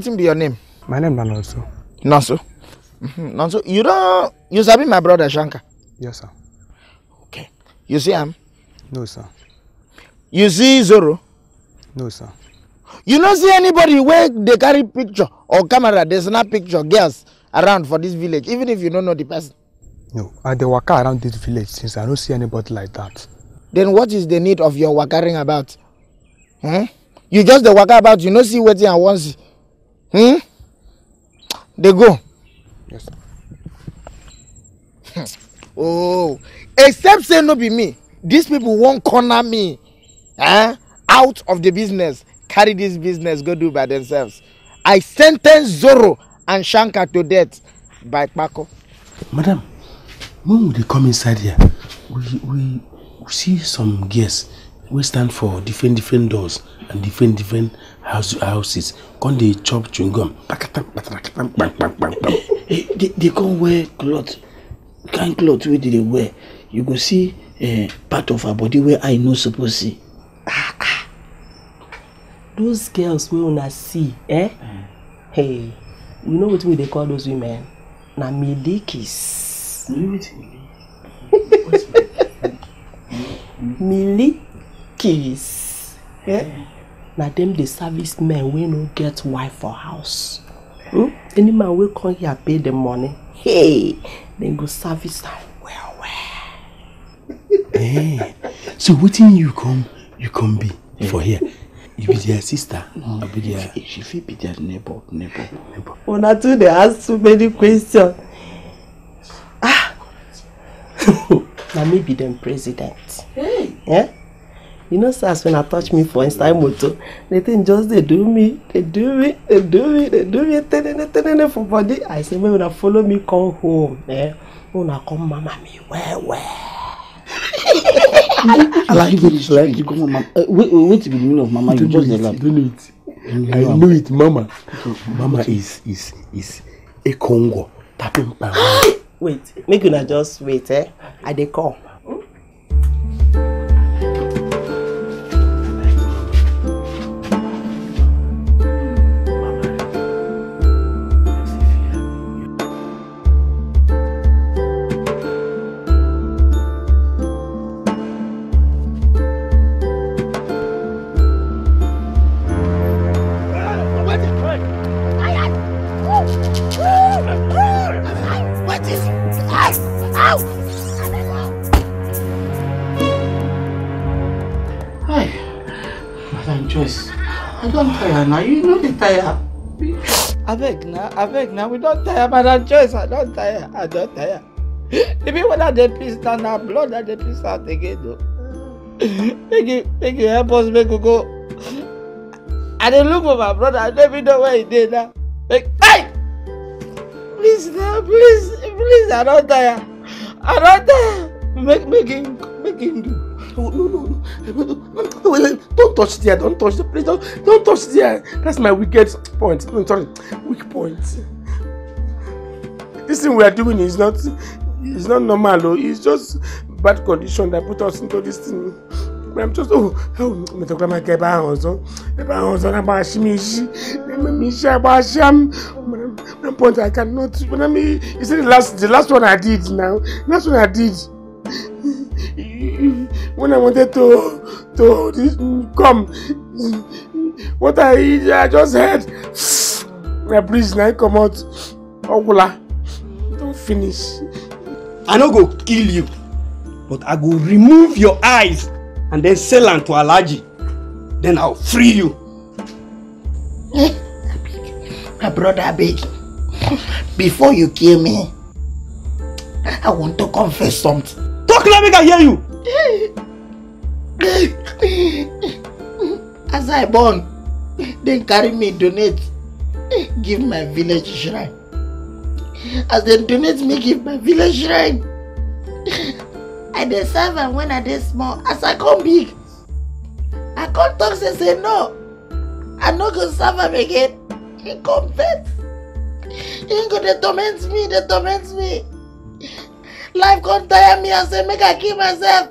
come. be your name? My name is Nonso. Nonso? Mm-hmm. na so you don't. you sabi my brother shanka. yes sir. okay you see him? no sir. you see zoro. no sir. you don't see anybody where they carry picture or camera There's not picture girls around for this village even if you don't know the person. no i ah, dey waka around this village since i don't see anybody like that. then what is the need of your wakaring about hmm? you just the waka about you don't see wetin i wan see hmm? dey go. Yes. Hmm. oh, except say no be me. These people won't corner me. Eh? Out of the business. Carry this business, go do by themselves. I sentence Zoro and Shankar to death by Paco. Madam, when they come inside here, we, we, we see some guests We stand for different different doors and different different house, houses come they chop chewing gum. Eh, they they come wear cloth kind cloth wey dey dey wear you go see eh, part of her body wey eye no suppose see ah ah those girls wey una see eh hmm. hey you know wetin we dey call those women na milikis milikis eh hmm. na dem dey service men wey no get wife for house Hmm? Any man will come here pay the money. Hey, then go service am well well. hey, eh, so wetin you come you come be hey. for eh. here? You be their sister. No, mm-hmm. I be their. She fit be their neighbor neighbor neighbor. Una too they ask too many questions. Ah, na me be dem president. Hey. Yeah? you know say when I touch me for inside motor they think just they do me they do me they do me they do me tenene tenene for body i say when I follow me come home eh oh, when I come mama me well well. Alaji finish like you go mama uh, wait wait be the meaning of mama you just dey laugh. don't mm, know it i know it mama mama is is is ekongo tapping power. wait make una just wait eh i dey come. tire. abeg na abeg na we don't tire madam joyce i don't tire i don't tire the people that dey piss down na blood that dey piss out again o make you make you help us make we go i didn't look for my brother i no even know where he did now make hey please na please please i don't tire i don't tire make make him make him do. No, no, no. Don't touch there. Don't touch the place. Don't, don't touch there. That's my wicked point. No, sorry, weak point. This thing we are doing is not it's not normal. It's just bad condition that put us into this thing. But I'm just oh oh I'm talking about Eba Hanzo. Eba Hanzo na ba shimishi. me mishi ba sham. One point I cannot. When I mean, you see the last the last one I did now. Last one I did. when I wanted to to come, what I, I just heard. My breeze now come out. Ogula, don't finish. I no go kill you, but I go remove your eyes and then sell them to Alaji. Then I'll free you. Eh, my brother, abeg, before you kill me, I want to confess something. Talk let me hear you. as i born then carry me donate give my village shrine as they donate me give my village shrine i deserve and when i deserve, small as i come big i come talk say say no i no to serve am again e come vex go dey torment me dey torment me life come tire me and say make i kill myself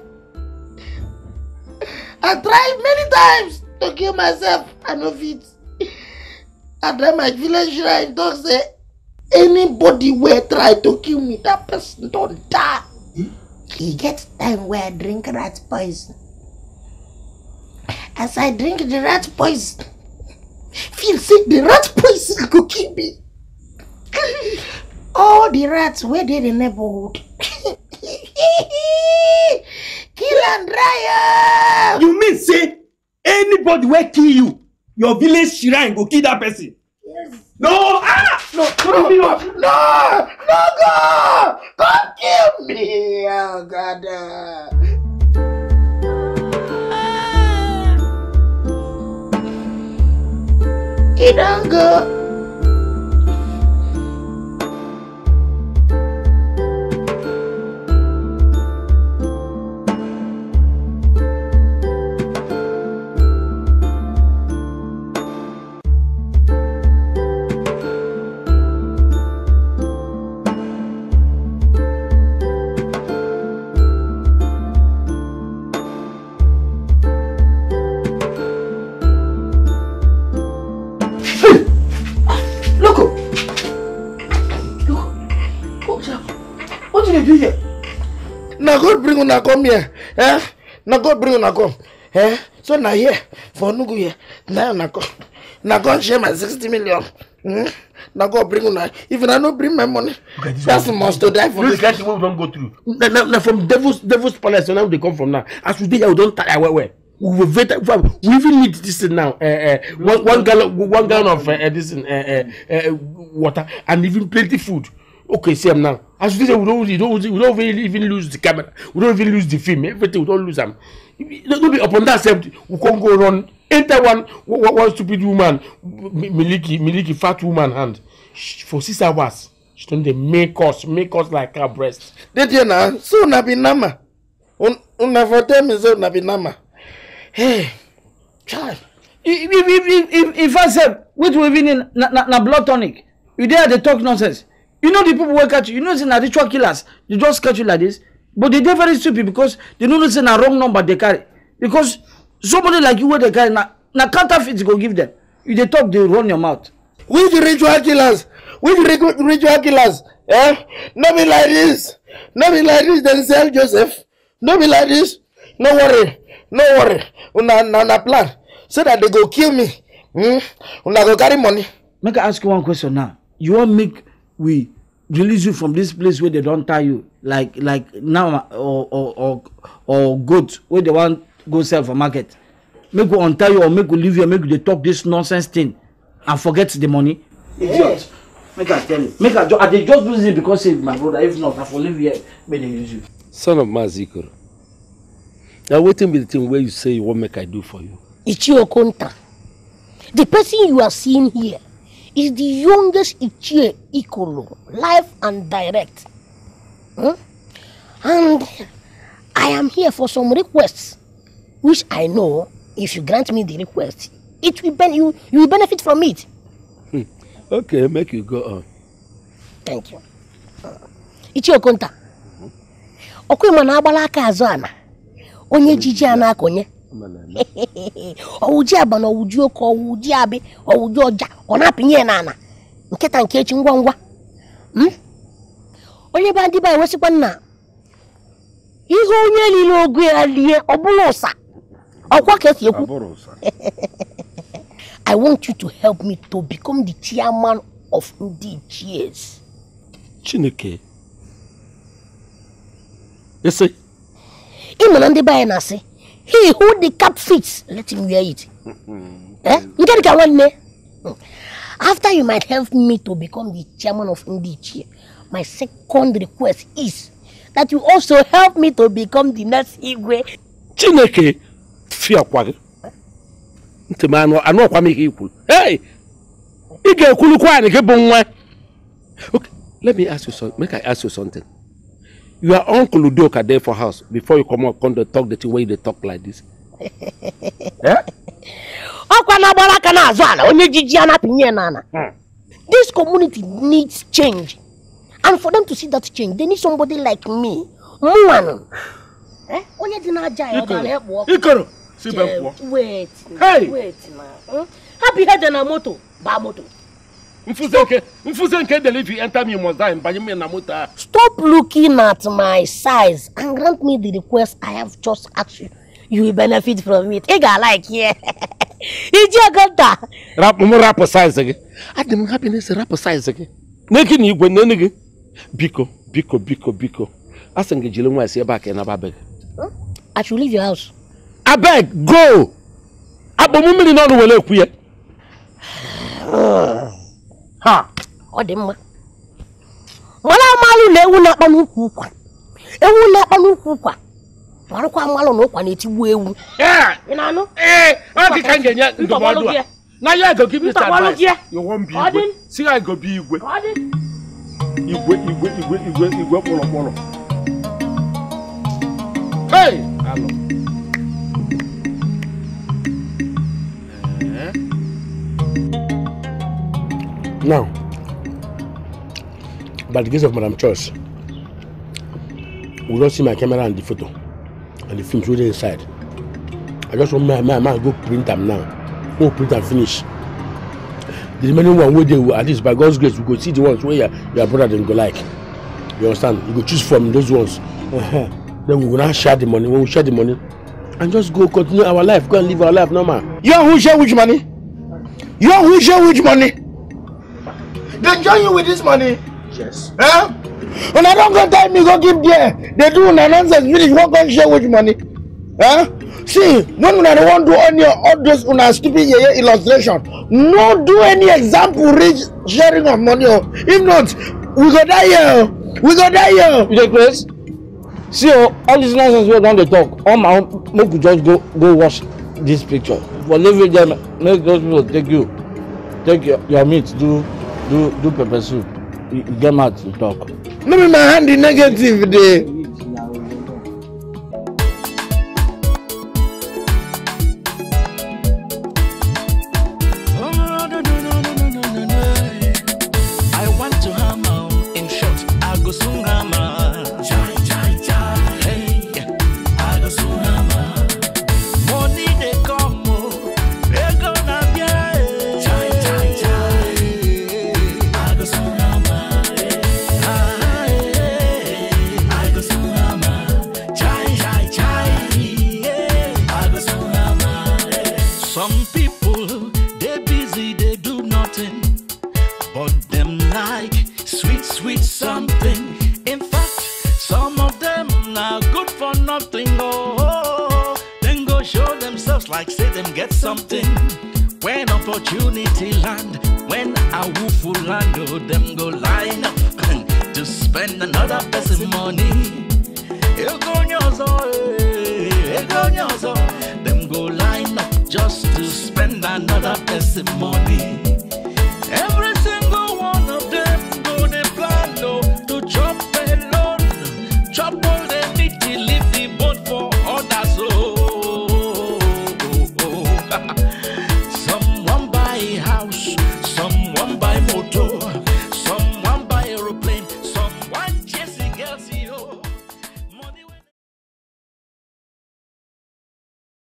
I tried many times to kill myself, I know it. I then my village shrine talk say anybody wey try to kill me, that person don't die. He gets time where I drink rat poison. As I drink the rat poison, feel say the rat poison could kill me. All the rats wey in the neighborhood. Kill and You mean say anybody wey kill you, your village shrine go kill that person? Yes. No! Ah! No! No! No! No! No! Go! Come kill me! Oh, God. Uh... He don't go. una come here eh Now god bring una come eh so now here for nugu here now una come Now god share my sixty million hmm? Now god bring una if I no bring my money okay, person must to die for this guy we don go through. na na from devils devils palace na we they come from now as we dey here we don tire we even need this now uh, uh, one one gallon one gallon of uh, this uh, uh, uh, water and even plenty food okay, Sam now. As you say, we don't, we don't, we don't even lose the camera. We don't even lose the film. Everything, we don't lose them. Don't be upon that same. We can't go run. Enter one, one, one stupid woman, Miliki, Miliki, fat woman hand for six hours. She don't they make us, make us like her breasts. Did you know? So na be nama. Un, una for them is so na be nama. Hey, child. If if if if if I said, which we even in na, na, na blood tonic, you dare they talk nonsense you know the people wey catch you you know say na ritual killers they just catch you like this but they dey very stupid because they no know say a wrong number They carry because somebody like you wey dey carry now. Now counterfeit go give them If they talk they run your mouth. the ritual killers the ritual killers eh Not be like this Not be like this Then sell joseph Not be like this no worry no worry una na na plan so that they go kill me hmm? una go carry money. make i ask you one question now you want make we release you from this place wey dem don tie you like like now uh, or or or, or goat wey dem wan go sell for market make we untie you or make we leave you make you dey talk this nonsense thing and forget the money. idiot yeah. make i tell you make i just i dey just use it because say my brother if not i for live here make dem use you. son of mazikoro na wetin be the thing wey you say you wan make i do for you. ichiokonta the person you are seeing here is the youngest Ichie Ikolo, live and direct. Hmm? And I am here for some requests, which I know if you grant me the request, it will ben you, you will benefit from it. Hmm. Okay, make you go on. Thank you. Uh, Ichie Okonta, ọkụ hmm? ịma na-agbala ana onye jiji a na-akọnye ọwụji aba na ọwụji oke ọwụji abị ọwụji ọja ọ na-apịnye ya n'ala nkịta nke echi ngwa ngwa hmm? onye be ndị be ewesikwa nna ihe onye lile ogo ya lie ọ bụrụ ụsa ọkwa ka esi ekwu I want you to help me to become the chairman of ndị GS. Chineke ese ị ma na ndị be na-asị he who the cap fits, let him wear it. eh? You get the one me? Hmm. After you might help me to become the chairman of Indichi, my second request is that you also help me to become the next Igwe. Chineke, fear kwag. Nti ma anọ anọ kwa mi ikwu. Hey! Ị kulu ekwulukwa anyị gị bụ nwa. Okay, let me ask you something. Make I ask you something your uncle udoka dey for house before you come comot come to talk the thing wey you talk like this. Eh? ọkwa na-agbara aka n'azụ ala onye jiji a napịnye na ala hmm. this community needs change and for them to see that change they need somebody like me mụnwanụ eh? onye dị n'aja ya ọ dara ekpo ọkụ ikoro si be kwuo wait wait na ha bụ ihe dị na moto baa moto Stop looking at my size and grant me the request I have just asked you. You will benefit from it. Ega like yeah. Iji agata. Rap mo rap size again. gị. Adị m happiness rap size again. Neki ni igwe nne gị. Biko, biko, biko, biko. A sị gị jiri na babeg. ebe hmm? I should leave your house. Abeg go. Akpọ m mmiri n'ọnụ were ekwu ha ọ dị mma mara amalụ na ewu na-akpa n'ukwu ụkwa ewu na-akpa n'ukwu ụkwa marụkwa amalụ na ụkwa na-etigbu ewu ee e! ọ dị ka na ya ego give me you wan be igwe si ya ego be igwe igwe igwe igwe igwe igwe kpọrọ kpọrọ hey! Hello. Now, by the grace of Madam Charles, we don't see my camera and the photo and the films wey inside. I just want my man go print them now. Go print and finish. The remaining one wey dey at least by God's grace we go see the ones where your your brother didn't go like. You understand? You go choose from those ones. Uh-huh. Then we go now share the money. When we share the money, and just go continue our life, go and live our life normal. You know who share which money? You know who share which money? They join you with this money? Yes. Huh? Eh? I don't go tell me go keep there. They do una nonsense finish wan go share which money. Huh? See, when una dey wan do any all those una stupid yeye illustration, no do any example rich sharing of money o. If not, we go die here. We go die here. You dey craze? See oh, all this nonsense wey don dey talk, All my own, make we just go go watch this picture. For leave them there, make those people take you, take your, your meat do do do pepper soup. get mouth to talk. No be my hand the negative dey.